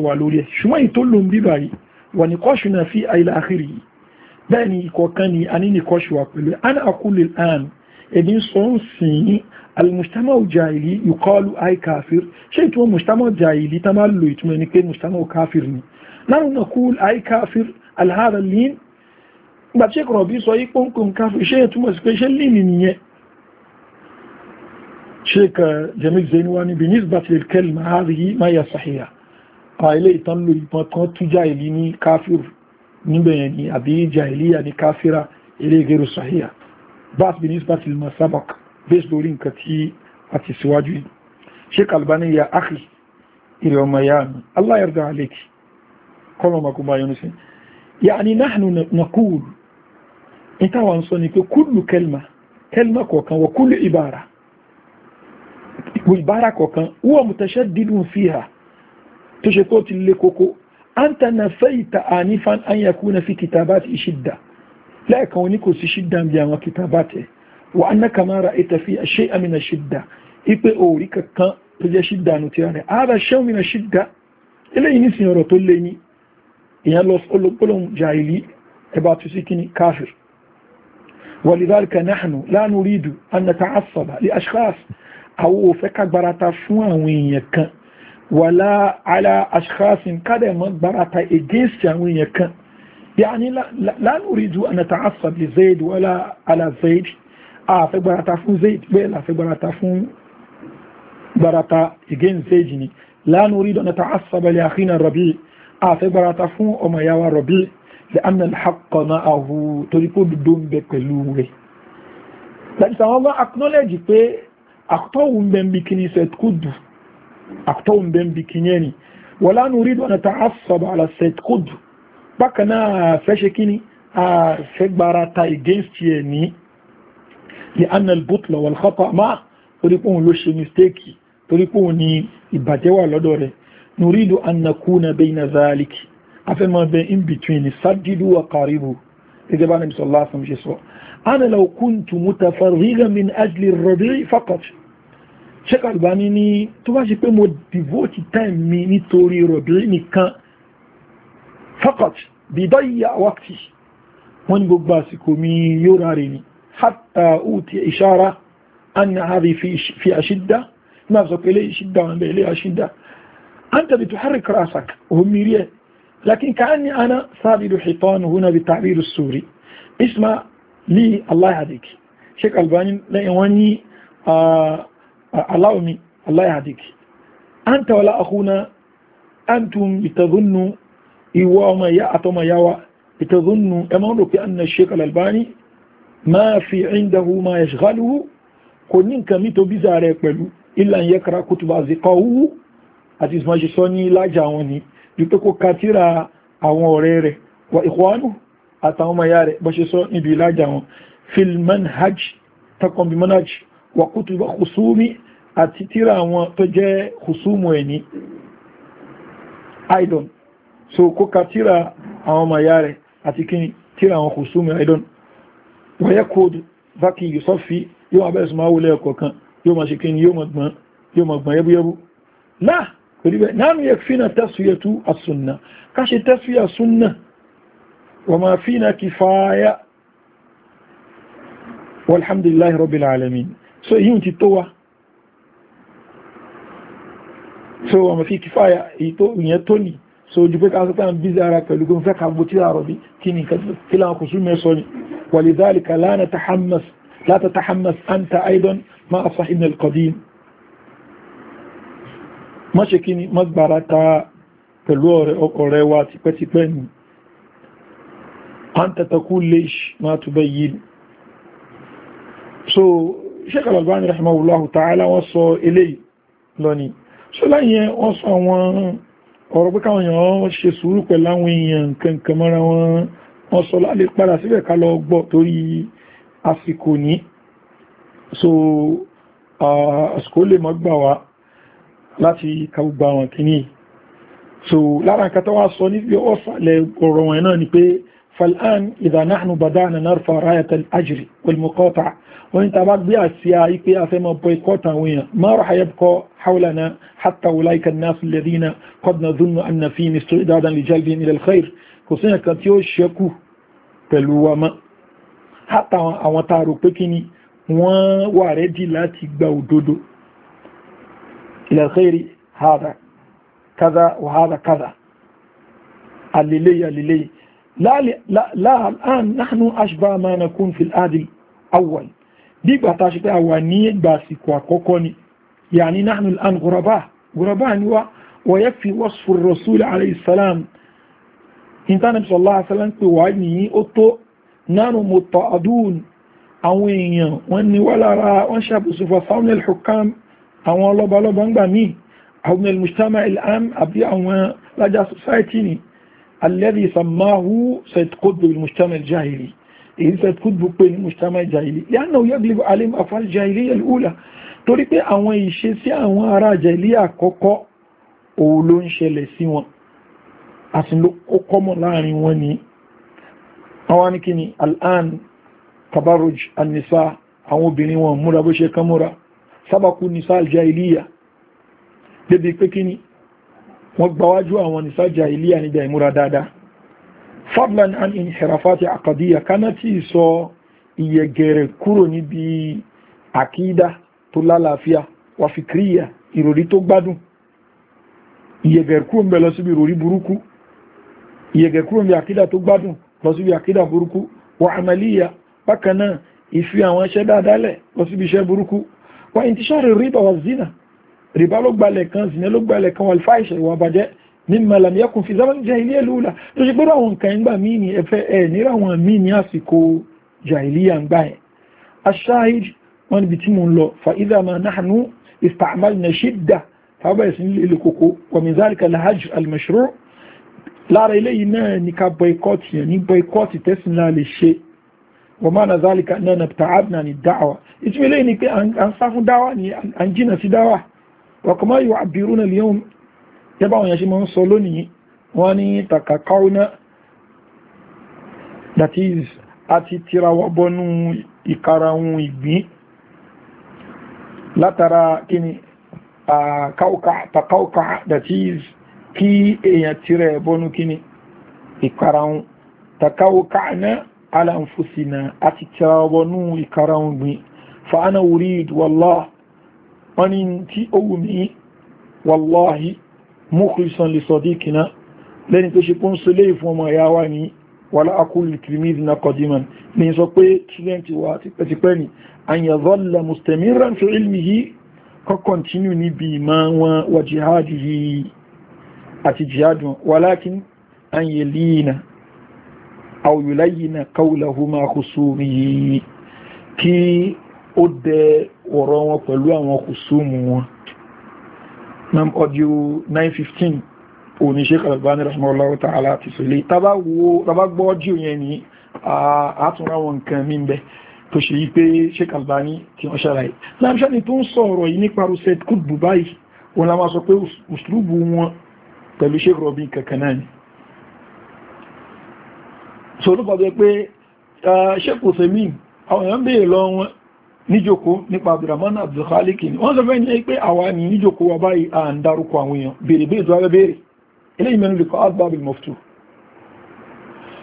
wà lórí ẹ̀ ṣùgbọ́n fi àìlà àkírí yìí bẹ́ẹ̀ ni ìkọ̀ọ̀kan ni a ní nìkọ́ ṣùwà pẹ̀lú ana akulu al'an ebi ń sọ ń sìn al-mujtama jahili yuqalu ay kafir ṣé ìtumọ̀ mujtama jahili tá máa lo ìtumọ̀ ni pé mujtama kafir ni nanu naqul ay kafir alhara lin gbà tí ẹkọ̀rọ̀ bí sọ yípo ń kò ń káfí ṣe ìtumọ̀ sí pé ṣe lìnì nìyẹn ṣe ka Jamil Zainuwa níbi ní ìsbàtí ìkẹlì máa rí máa yà sàhíyà àìlé ìtànlò ìbọn kan tújá ìlú ní káfíìrù níbẹ̀ yẹn ni àbí jahiliya ní káfíra ilé gẹ́rù sahiya bas bin isbat ilma sabak bẹ́ẹ̀ lórí nǹkan tí a ti síwájú yìí sheik albani ya akhi ilẹ̀ ọmọ ya mi allah yarda aleki kọlọ̀ mako ma yọnu sí yani nahnu naqul ita wa ni pé kullu kelma kelma anta nafaita anifan an yakuna fi kitabati shidda lẹ́ẹ̀kan oní kò sí ṣídà bí àwọn kitabatẹ̀ wa annaka ma ra'aita fi shay'an min ash-shidda ipe òrí kankan tó jẹ́ ṣídà nù ti rẹ̀ ara shay'un min ash-shidda eléyìí ní sìnyọ̀rọ̀ tó lé ní ìyẹn lọ olóògbólóhùn jahili ẹba tó sí kíní káfir walidhalika nahnu la nuridu an nata'assaba li ashkhas àwọn òfẹ́ kagbárata fún àwọn èèyàn kan wàlá alá ashkhasin kádẹ̀ mọ́ gbárata against àwọn èèyàn kan yàní la nuridu an nata'assab li zaid wàlá alá zaid àfẹ́ gbárata fún zaid bẹ́ẹ̀ láfẹ́ gbárata fún gbárata against zaid ni la nuridu an nata'assab li akhina rabi' àfẹ́ gbárata fún ọmọ yàwá rabi' لأن الحق معه تريكون دون بكلوه لأن سوى الله acknowledge pé àtọ́wùn bẹ̀ ń bí kí àtọ́hùn bẹ́ẹ̀ bí kìíyẹn ni wọ́n lánà orí ìdọ̀nà ta asọ̀bà àlàsẹ̀t kódù bákan náà fẹ́ ṣe kí ni fẹ́ gbára ta against ẹ̀ ní ní anal butler wal khata máa torí pé òun ló ṣe mistake torí pé òun ni ìbàjẹ́ wà lọ́dọ̀ rẹ̀ nùrídù annakuna bayna zaliki afẹ́mọ́ bẹ in between sadidu wa qaribu gẹ́gẹ́ bá nàbí sallallahu alaihi wasallam ṣe sọ ana law kuntu mutafarrigan min ajli rabi faqat Sheikh Albani ní tó bá ṣe pé mo devote time mi nítorí rọ̀bí nìkan fakat bìdọ́ ìyá wákìtì wọ́n ní gbogbo àsìkò mi yóò rárẹ̀ ni hatta uti ishara an hadhi fi ashidda na sọ pé lè ṣídà wọn lè ṣídà an tàbí tó harik rasak homirie lakin ka an ni allow me Allah yahdik anta wala akhuna antum bitadhunnu ìwọ ọmọ ìyá àtọmọ ìyá wa bitadhunnu ẹ máa ń rò pé anna sheikh al-albani ma fi indahu ma yashghaluhu kò ní nǹkan mi tó bíza rẹ̀ pẹ̀lú illa an yakra kutuba ziqahu àti ìsìnmọ̀ ṣe sọ ní lájà wọn ni wípé kó kátírà àwọn ọ̀rẹ́ rẹ̀ wa ikhwanu àtàwọn ọmọ ìyá rẹ̀ bọ́ ṣe sọ níbi lájà wọn fil manhaj takon bi manhaj wàkútùbà kùsùmí àti tíra àwọn tó jẹ́ kùsùmù ẹni idon so kóka tíra àwọn ọmọ ya rẹ̀ àti kí tíra àwọn kùsùmù idon wọ́yẹ́ kóòdù bákí yusufi yóò máa bẹ̀rẹ̀ sí máa yóò máa ṣe kí والحمد لله رب العالمين so yi ti tó wa so ọmọ fi kìfáyà èyí tó ìyẹn yi pé ká sọ tán bí zara pẹ̀lú gbọ́n fẹ́ kàgbó tí àrọ̀ bí kí ni so ju pe ka kò pelu gbon fe ka bú mẹ́sọ ni kila ko sun sọ láta tahammas anta aidan ma a sahibin alkadim ma ṣe kí ni ma gbára ta pẹ̀lú ọ̀rẹ́ wa ti ti pẹ́ pẹ́ ni anta takú lè ṣ ma tubayin so Sheikh Al-Albani rahimahullahu ta'ala wọ́n sọ eléyìí lónìí so láyẹn wọ́n sọ àwọn ọ̀rọ̀ pé káwọn èèyàn ṣe sùúrù pẹ̀lú àwọn èèyàn nǹkan nǹkan mọ́ra wọn wọ́n sọ lálẹ́ padà síbẹ̀ ká lọ gbọ́ torí àsìkò ní so àsìkò lè mọ́ gbà wá láti ka gbogbo kìíní so lára nǹkan tó wá sọ níbi ọ̀sàlẹ̀ ọ̀rọ̀ wọn náà ni pé فالآن إذا نحن بدأنا نرفع راية الأجر والمقاطعة وإن تبقى بها السياحي في أسماء بيقوتا ويا ما راح يبقى حولنا حتى أولئك الناس الذين قد نظن أن فيهم استعدادا لجلبهم إلى الخير خصوصا كتيو شكو بلوما حتى àwọn بكيني pé لا ni دودو إلى الخير هذا كذا وهذا كذا اللي لي اللي لي láà al'an nahnu ashba ma nakun fil adil awwal bí ìgbà ta ṣe pé a wà ní ìgbà àsìkò àkọ́kọ́ ni yàní nahnu al'an guraba guraba ni wa wa yakfi wasfu rasul alayhi salam intanet sallallahu alaihi wasallam pé wà ní ó tó nanu muta'adun àwọn èèyàn wọ́n ni wà lára wọ́n ṣàbùsù fa faunel hukam àwọn ọlọ́balọ́ba ń gbà ní àwọn ilmùsítàmà ìlàm àbí àwọn lájá society ni الذي سماه سيد قطب المجتمع الجاهلي èyí fẹ́ kúdù pé ní mùsùlùmí jahili lẹ́nà yaglibu alim afal jahiliya al-ula torí pé àwọn ìṣe sí àwọn ará jahiliya àkọ́kọ́ òun ló ń ṣẹlẹ̀ sí wọn àti ló kọ́mọ̀ láàrin wọn ni àwọn ní kí al'an tabarruj an-nisa àwọn obìnrin wọn múra bó ṣe kán múra sábàkú nisa al-jahiliya débi pé kí wọ́n gbáwájú àwọn nìsájà ilé àníjà ìmúra dáadáa fadlan an inhirafati akadiyya kaná tí sọ ìyẹ̀gẹ̀rẹ̀ kúrò níbi àkídá tó lálàáfíà wà fìkíríyà ìròrí tó gbádùn ìyẹ̀gẹ̀rẹ̀ kúrò ń bẹ lọ síbi ìròrí burúkú ìyẹ̀gẹ̀rẹ̀ kúrò ń bẹ àkídá tó gbádùn lọ síbi àkídá burúkú wà àmàlíyà bákan ìfi àwọn iṣẹ́ dáadáa lẹ̀ lọ síbi iṣẹ́ burúkú wà ìntìṣàrí ríbà wà zina rìbá ló gbalẹ̀ kan zìnà ló gbalẹ̀ kan wàlfà ìṣẹ̀ ìwà àbàjẹ́ mímọ̀ làmì ẹkùn fi zaman jahiliya lula tó ṣe gbọ́dọ̀ àwọn nǹkan ìgbà míì ní ẹfẹ́ ẹ̀ níra àwọn míì ní àsìkò jahiliya ń gbà yẹn aṣááhìd wọn níbi tí mo ń lọ fa ìdàmà nahnu istamal na ṣídà tábà ẹ̀sìn lílé kòkó wàmìzárìkà lahajj almashru lára eléyìí náà ní ká bọ́ikọ́tì yẹn ní bọ́ikọ́tì tẹ́sìn náà lè ṣe wọ́n máa na zálìkà náà na tààbà ní dáwà ìtumọ̀ eléyìí ni pé à ń sá fún dáwà ni à ń jìnà sí dáwà وكما يعبرون اليوم يبعون يشمون صلوني واني تكاكونا that is àti tirawa bọnú ìkarahun ìgbín látara kíni takauka that is kí èyàn tirẹ̀ bọnú kíni ìkarahun takauka náà alamfusina àti tirawa bọnú ìkarahun ìgbín fa ana wallah wọ́n ní tí ó wù mí wàláhí mukhlisan li sadiqina lẹ́ni tó ṣe kún sílé ìfún ọmọ ìyá wa ní wàlá akúlù tìrìmìdìna qadiman ní sọ pé túnlẹ̀ntì wa tipẹ́tipẹ́ ni an yadhalla mustamiran fi ilmihi kó kọntínú níbi ìmá wọn wà jihadihi àti jihadun walakin an yalina aw ó ọ̀rọ̀ wọn pẹ̀lú àwọn kùsùmù wọn nam ọdíò 915 òní Sheikh Albani rahimahullahu ta'ala ti sọ ilé tàbá gbọ́ ọdíò yẹn ni àtúnra wọn nǹkan mí bẹ tó ṣe yí pé Sheikh Albani tí wọ́n ṣàlàyé láàrín tó ń sọ ọ̀rọ̀ yìí nípa ruset kúdù báyìí wọn la máa sọ pé uslubu wọn pẹ̀lú Sheikh Rabi kankan ni so ló pàdé pé Sheikh Uthaymeen àwọn èèyàn béèrè lọ wọn níjòkó nípa abdulrahman abdulkhalik ni wọ́n sọfẹ́ ní pé àwa ní níjòkó wa báyìí à ń dárúkọ àwọn èèyàn bèèrè bèèrè tó wáyé bèèrè eléyìí mẹ́rin lèkọ́ asbab al-muftu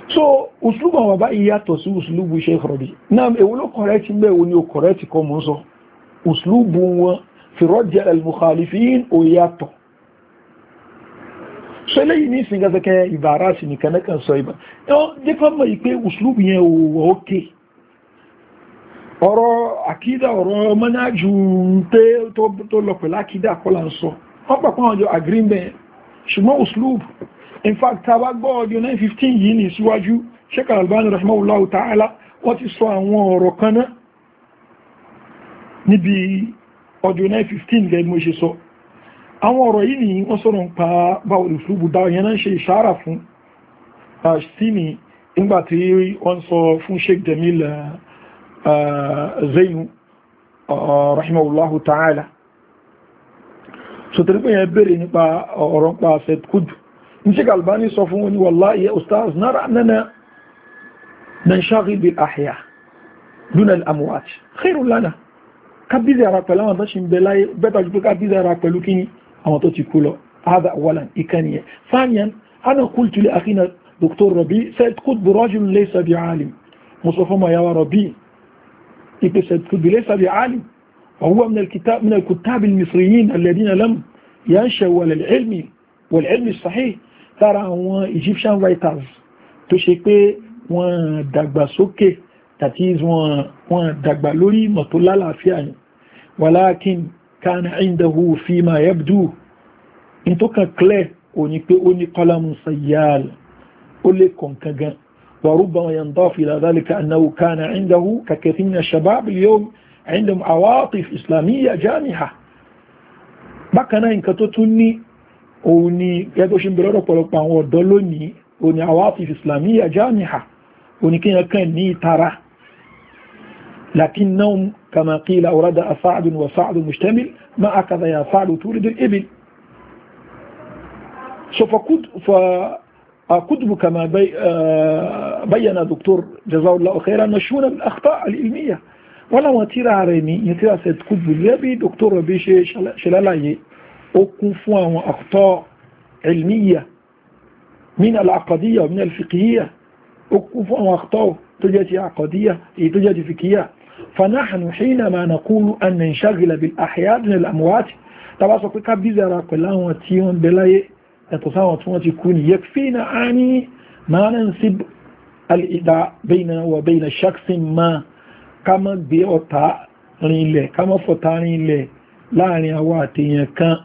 so uslubu àwọn báyìí yàtọ̀ sí uslubu Sheikh Rabi náà èwo ló kọ̀rẹ́tì ń bẹ́ wo ni ó kọ̀rẹ́tì kọ́ mọ́ sọ uslubu wọn fi al-mukhalifin ó so eléyìí ní ìsìn gásẹ́kẹ́ ìbára sí nìkan náà kan sọ ìbá jẹ́ kọ́ mọ̀ ìpé ọ̀rọ̀ àkídà ọ̀rọ̀ mọ́nájú pé tó lọ pẹ̀lú àkídà kọ́lá ń sọ wọ́n pàpọ̀ ọjọ́ agreement ṣùgbọ́n uslub in fact tàbá gbọ́ ọdún 915 yìí ní síwájú Sheikh Al-Albani rahimahullahu ta'ala wọ́n ti sọ àwọn ọ̀rọ̀ kan náà níbi ọdún 915 gẹ́ mo ṣe sọ àwọn ọ̀rọ̀ yìí ni wọ́n sọ̀rọ̀ ń pa bá uslub dáwọn yẹn náà ṣe ìṣára fún uh, sí ni ìgbà tí wọ́n sọ fún Sheikh Jamil uh, zainu rahimahullahu ta'ala so torí pé yẹn bèèrè nípa ọ̀rọ̀ pa set kudu ní ṣe galbani sọ fún wani wallahi ya ustaz nara nana nan shaghi bil ahya duna al'amuwat khairun lana ka bí zara pẹ̀lú àwọn tó ṣe ń bẹ láyé bẹ́ta jù pé ká bí zara pẹ̀lú kíní àwọn tó ti kú lọ هذا أولا إكانية ثانيا أنا قلت لأخينا دكتور ربي سيد قطب رجل ليس بعالم مصطفى ما يا ربي ìpèsè tùbìlẹ́sà bí alì وهو من الكتاب من الكتاب المصريين الذين لم ينشأوا للعلم والعلم الصحيح lára àwọn Egyptian writers tó ṣe pé wọ́n dàgbà sókè that is wọ́n dàgbà lórí ìmọ̀ lálàáfíà yìí وربما ينضاف إلى ذلك أنه كان عنده ككثير من الشباب اليوم عندهم عواطف إسلامية جامحة ما كان إن كتوتوني وني يدوشن برورو بلوكبان ودلوني وني عواطف إسلامية جامحة وني كنا كان ني ترى لكن نوم كما قيل أورد أصعد وصعد مشتمل ما أكذا يا صعد تولد الإبل سوف كنت كتب كما بي آه، بيّن دكتور جزاه الله خيرا مشهورة بالأخطاء العلمية ولا وطيرة عرامي يطيرة سيد كتب اليابي دكتور ربيشي شلالاي أكوفوا وأخطاء علمية من العقدية ومن الفقهية او أكوفوا وأخطاء تجاتي عقدية تجاتي فقهية فنحن حينما نقول أن ننشغل بالأحياء من الأموات تباسوا كتب بزراك الله وطيرة يتفاوت ما تكون يكفينا عن ما ننسب الإداء بيننا وبين شخص ما كما بيوتا لله كما فتان لي لا نهوات يكا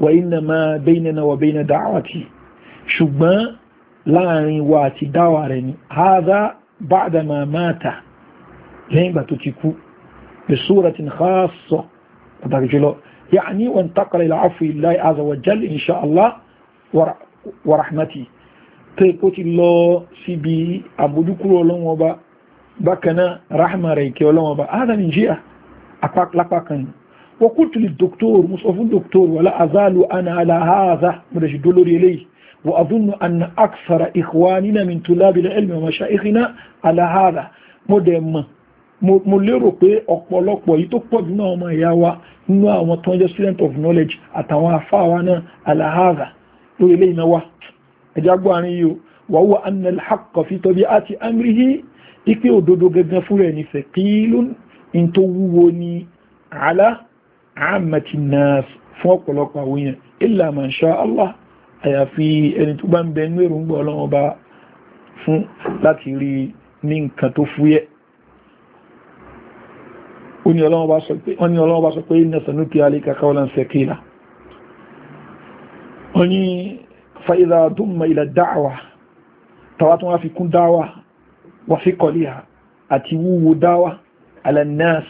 وإنما بيننا وبين دعوتي شبا لا نهوات دوارن هذا بعدما مات لين بتتكو بصورة خاصة يعني وانتقل إلى عفو الله عز وجل إن شاء الله warahmati tó ipò ti lọ síbi àbójúkúrò ọlọ́wọ́n ọba bákanáà rahma rẹ̀ ìkẹ́ ọlọ́wọ́n ọba adam nìjíríà lápá kan wa qultu lil doctor mo sọ fún doctor wala azalu ana ala hadha mo dẹ̀ ṣe dó lórí eléyìí wa azunnu anna aksara ikhwanina min tulabil ilmi wa mashayikhina ala hadha mo dẹ̀ mọ̀ mo lérò pé ọ̀pọ̀lọpọ̀ yìí tó pọ̀ jù ọmọ ìyá wa nínú àwọn tó ń jẹ́ student of knowledge àtàwọn afáwa náà ala lórí ilé iná wá ẹjá gbọ́ àárín yìí wà wà anna al-haqqa fi tabi'ati amrihi ipé òdodo gẹ́gẹ́ fún rẹ̀ ní thaqilun in tó wúwo ní ala ammati nas fún ọ̀pọ̀lọpọ̀ àwọn èèyàn illa man Allah àyàfi ẹni tó bá ń bẹ inú èròǹgbà ọlọ́wọ́ fún láti rí ní nǹkan tó fúyẹ́ wọ́n ni ọlọ́wọ́ sọ pé inna sanulqi alayka qawlan thaqila wọ́n ní fa'idha dumma ila da'wa tàwátí wọ́n fi kún dáwà wà fi kọ̀líà àti wúwo dáwà ala nas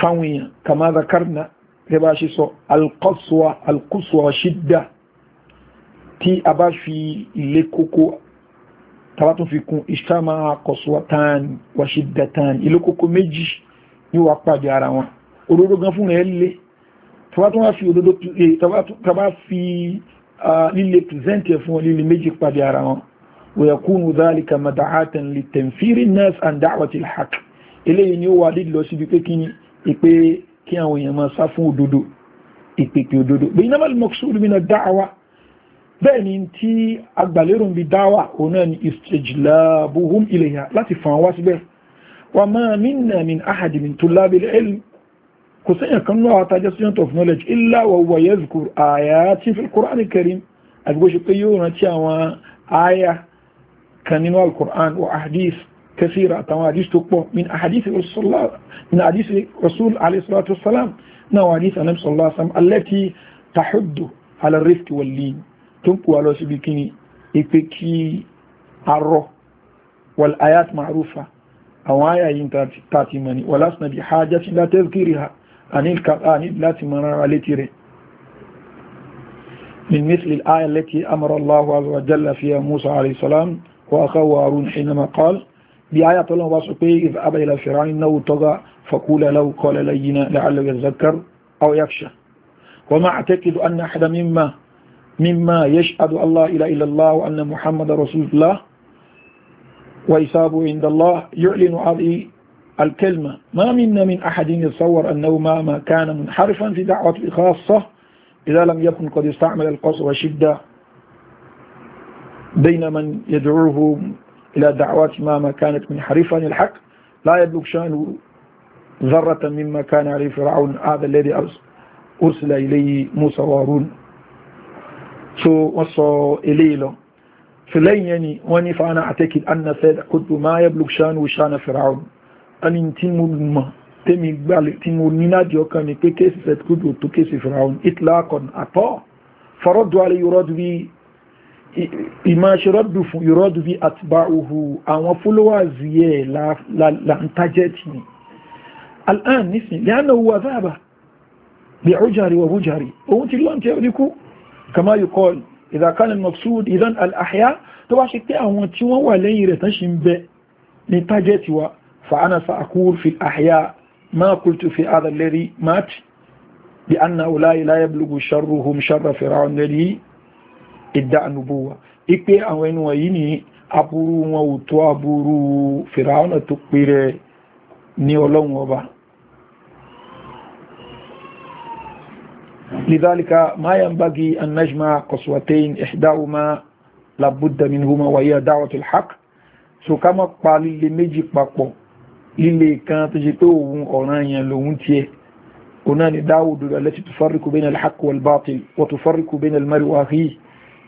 fáwọn èèyàn kama zakarna rẹ bá ṣe sọ alkọ́sùwà alkọ́sùwà ṣídà tí a bá fi ilé kókó tàbátún fi kún ìṣàmà kọ̀sùwà tán wà ṣídà tán ilé kókó méjì ní wà pàdé ara wọn òróró gan fún rẹ̀ lé tọba tó wá fi òdodo tọba eh, fi ah, líle present ẹ̀ fún líle méjì pàdé ara wọn wẹ̀kúnù dhalika mada'atan li tanfiri nas and da'wati al-haq eléyìí ni ó wà lílọ síbi pé kí ni ìpé kí àwọn èèyàn máa sá fún òdodo ìpèpè òdodo bí iná bàlì maqsud min ad-da'wa bẹ́ẹ̀ ni tí agbàlérò ń bi da'wa òun náà ni istijlabuhum ilayha láti fàn wá síbẹ̀ wa ma minna min ahadin min tullabil ilm kò sí nǹkan náà àtàjẹ́ student of knowledge illa wa huwa yazkur ayatin fil Qur'an al-Karim àti bó ṣe pé yóò rántí àwọn àyà kan nínú al-Qur'an wa ahadith kathira àtàwọn hadith tó pọ̀ min ahadith rasul alayhi salatu wasalam náà wà hadith anam sallallahu alayhi wasalam allati tahuddu ala rifq wal lin tó ń pò wá lọ síbi kíni ìpè kí arọ wal ayat ma'rufa àwọn àyà yìí tààtì mani wa lasna bi hajatin la tazkiriha àní láti mọ̀ rárá létí rẹ̀ من مثل الآية التي أمر الله عز وجل فيها موسى عليه السلام وأخوه هارون حينما قال بآية الله واسقه إذ أبى إلى فرعون إنه طغى فقول له قال لينا لعله يذكر أو يخشى وما أعتقد أن أحد مما مما يشهد الله إلى إلا الله وأن محمد رسول الله وإسابه عند الله يعلن هذه الكلمة ما منا من أحد يتصور أنه ما, كان منحرفا في دعوة خاصة إذا لم يكن قد استعمل القصر والشدة بين من يدعوه إلى دعوات ما, ما كانت منحرفا الحق لا يبلغ شأنه ذرة مما كان عليه فرعون هذا الذي أرسل إليه موسى وارون so وصى إليه فلن يني وني فأنا أعتقد أن سيد قد ما يبلغ شأنه شأن فرعون ẹni tí mo mọ̀ tẹ́mi gbalẹ̀ tí mo ní láti ọkàn ni pé kéèsì sẹ́tìkúdù tó kéèsì fìràún ìtìláàkọ̀n àtọ́ fọ́rọ́dù alẹ́ yọ́rọ́dù bí ìmáṣẹ́rọ́dù fún yọ́rọ́dù bí àtìbá òhù àwọn fólówàzì ẹ̀ láńtájẹ́tì ni al'an nísìn lẹ́nà owó azáàbà bí ọjàrí wà bújàrí ohun ti lọ́n tẹ́ oríkú kama yìí kọ́ ìdàkánà wa فأنا سأقول في الأحياء ما قلت في هذا الذي مات بأن هؤلاء لا يبلغ شرهم شر فرعون الذي ادعى النبوة إكي أوين ويني أبورو ووتو أبورو فرعون تقبير نيولون وبا لذلك ما ينبغي أن نجمع قصوتين إحداهما لابد منهما وهي دعوة الحق سو كما قبالي لمجي قبقو líle kan tó ṣe pé òun ọ̀ràn yẹn lòun tiẹ̀ òun náà ni dáwùdù allati tufarriqu bayna al-haqqi wal-batil wa tufarriqu bayna al-mar'i wa akhihi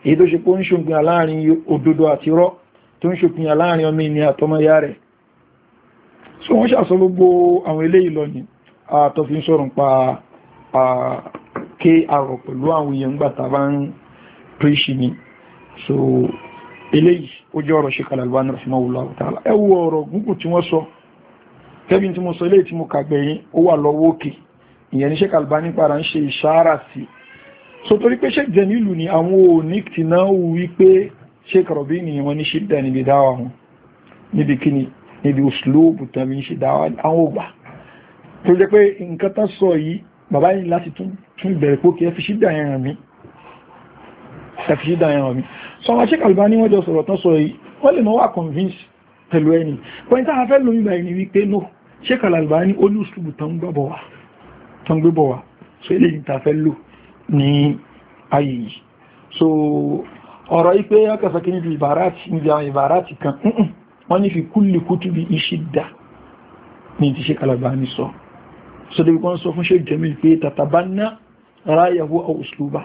èyí tó ṣe pé ó ń ṣòpin aláàrin òdodo àti rọ́ tó ń ṣòpin aláàrin ọmọ ènìyàn àtọmọyá rẹ̀ so wọ́n ṣàṣọ gbogbo àwọn eléyìí lọ ni àtọ́fin sọ̀rọ̀ pa ké àrọ̀ pẹ̀lú àwọn èèyàn gbà tá a bá ń píríṣì ni so eléyìí ó jẹ́ ọ̀rọ̀ Shaykh Al-Albani rahimahullah ta'ala ẹ wo ọ̀rọ̀ gúngùn tí wọ́n sọ kẹ́bí tí mo sọ ilé tí mo kàgbẹ̀yìn ó wà lọ́wọ́ òkè ìyẹn ní Sheikh Albani padà ń ṣe ìṣára sí so torí pé Sheikh Jamilu ni àwọn òní ti náà wù wípé Sheikh ni wọ́n ní ṣídà níbi dáwà wọn níbi kíni níbi òṣìlóòbù tàbí ṣe dáwà àwọn ògbà tó jẹ́ pé nǹkan tán sọ yìí bàbá yìí láti tún bẹ̀rẹ̀ pókè ẹ fi ṣídà yẹn ràn mí ẹ fi ṣídà yẹn ràn mí so àwọn Sheikh Albani wọ́n jọ sọ̀rọ̀ tán sọ yìí wọ́n lè mọ́ wà convince pẹ̀lú ẹni pẹ̀lú tí a fẹ́ lóyún báyìí ni wípé náà Sheikh Al-Albani ó ní ìṣubù tán gbé bọ̀ so ilé ìtafẹ́ lò ní ayé yìí so ọ̀rọ̀ ipé akẹsàkí níbi ìbàráti kan wọ́n ní fi kulli kutubi ìṣídà ní ti Sheikh Al-Albani sọ so débi wọ́n sọ fún Sheikh Jamil pé tatabanna ráyàwó aw usluba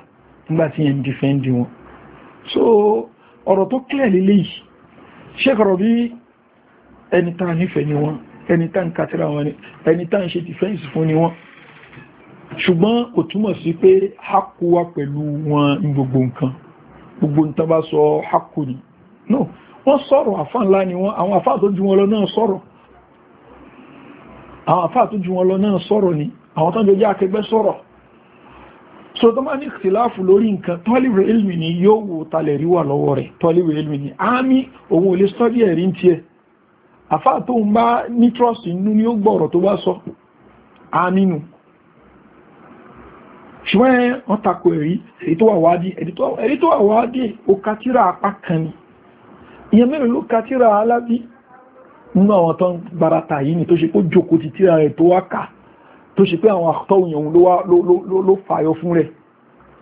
nígbàtí yẹn so ọ̀rọ̀ tó kílẹ̀ lélẹ́yìí Sheikh Rabi ẹni tàà nífẹ̀ẹ́ ni wọ́n ẹni tá ń kàtíra wọn ni ẹni tá ń ṣe dìfẹ́ǹsì fún ni wọ́n ṣùgbọ́n kò túmọ̀ sí pé hákù wá pẹ̀lú wọn ní gbogbo nǹkan gbogbo nǹkan bá sọ hákù ni no wọ́n sọ̀rọ̀ àfáà ńlá ni wọ́n àwọn àfáà tó ju wọn lọ náà sọ̀rọ̀ àwọn àfáà tó ju wọn lọ náà sọ̀rọ̀ ni àwọn tó ń jẹ́ akẹgbẹ́ sọ̀rọ̀ so tó máa ní ìtìláàfù lórí nǹkan tọ́lìwẹ̀ ilmi ni yóò wò talẹ̀ lọ́wọ́ rẹ̀ tọ́lìwẹ̀ ilmi ni àmì òun ò lè sọ́dí ẹ̀rí ń tiẹ̀ àfá tó ń bá nitrous inú ni ó gbọ́rọ̀ tó bá sọ àmínú ṣùgbọ́n wọ́n takò ẹ̀rí èyí tó wà wádìí ẹ̀rí tó wà wádìí ó kátírà apá kan ni ìyẹn mẹ́rin ló kátírà alábí nínú àwọn tó ń gbarata yìí ni tó ṣe pé jòkó ti tíra rẹ̀ tó wá kà tó ṣe pé àwọn àtọ́ òyìnbó ló fàyọ fún rẹ̀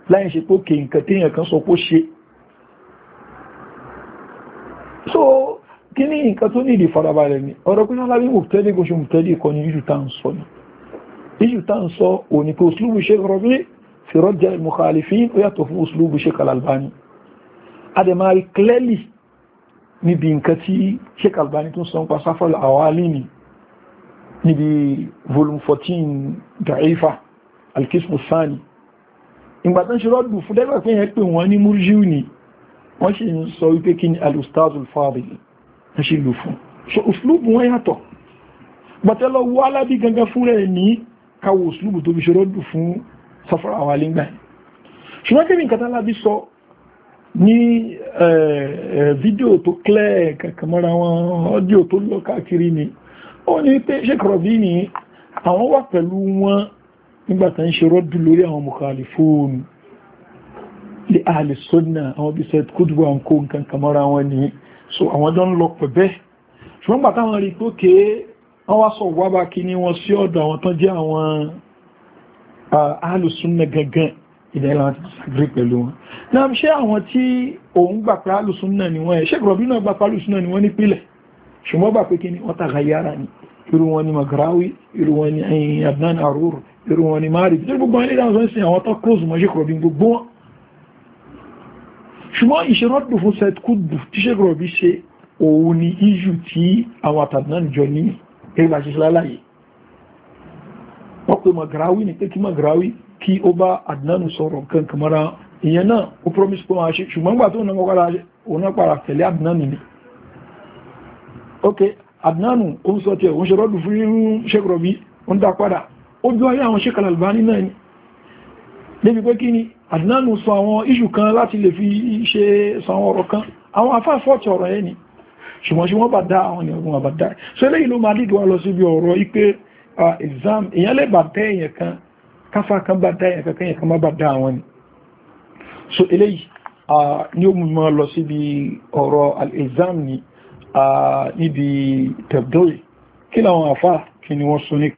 láì ṣe pé òkè téèyàn kan sọ pé ṣe so kí ní nǹkan tó ní ìdí farabalẹ̀ ni ọ̀rọ̀ pínlẹ̀ lábí mùtẹ́lì kò ṣe mùtẹ́lì kọ ní ìṣù tán sọ ni ìṣù tán sọ ò ní pé òṣìlúbù ṣe rọ̀bí fi rọ́jà mukhalifin ó yàtọ̀ fún òṣìlúbù ṣe kalalbani ademari clearly níbi nǹkan tí ṣe kalalbani tó sọ ń ni níbi volume 14 da'ifa alkismu sani ìgbà tó ń ṣe rọ́dù fún dẹ́gbà ni wọ́n sì ń sọ wípé kí ni alustazul fadil ń ṣe lò fún so òṣùlùbù wọn yàtọ̀ gbàtẹ́lọ wọ alábí gangan fún rẹ̀ ní káwọ òṣùlùbù tó fi ṣe rọ́dù fún safara àwọn alẹ́gbà ṣùgbọ́n kí ni nǹkan tálábí sọ ní fídíò tó clear kankan mọ́ra wọn ọ́díò tó lọ káàkiri ni ó ní pé ṣèkọ̀rọ̀bí ni àwọn wà pẹ̀lú wọn nígbàtà ń so àwọn jọ ń lọ pẹ̀bẹ́ ṣùgbọ́n gbà táwọn rí pókè wọ́n wá sọ wábá kí ní wọn sí ọ̀dọ̀ àwọn tán jẹ́ àwọn alùsùnnà gangan ìdẹ́lá wọn náà ṣé àwọn ni wọ́n ẹ̀ ṣé gbọ̀rọ̀bí ni wọ́n nípìlẹ̀ ṣùgbọ́n gbà ni wọ́n tàgàyára magrawi irú wọn Arur irú wọn ni mari gbogbo wọn ní ìdáhùn sọ́nsìn àwọn wọn ṣùgbọ́n ìṣerọ́dù fún sẹ́tkúdù tí ṣe rọ̀bí ṣe òun ni ìjù tí àwọn àtàdínà jọ ní ẹgbà ṣe láláyé wọ́n magrawi ní pé kí magrawi kí ó bá àdínánù sọ̀rọ̀ nǹkan kàmọ́ra ìyẹn náà ó promise pé wọ́n ṣe ṣùgbọ́n gbà tó náà pàrà tẹ̀lé àdínánù ni ok àdínánù ó ń sọ tí òun ṣerọ́dù fún ṣe rọ̀bí ó ń dá padà ojú àdínánù sọ àwọn iṣù kan láti lè fi ṣe sàwọn ọ̀rọ̀ kan àwọn afáfọ́ọ̀tì ọ̀rọ̀ ẹni ṣùgbọ́n ṣe wọ́n bá dá àwọn ènìyàn wọn bá dá so eléyìí ló máa dìdò wá lọ síbi ọ̀rọ̀ ipé exam èyàn lè bà tẹ́ èyàn kan káfà kan bá dá èyàn kankan èyàn kan má bà dá àwọn ni so eléyìí ni ó mú mọ́ lọ síbi ọ̀rọ̀ exam ni níbi tẹ̀bdọ́rì kí làwọn àfáà kí ni wọ́n sọ ní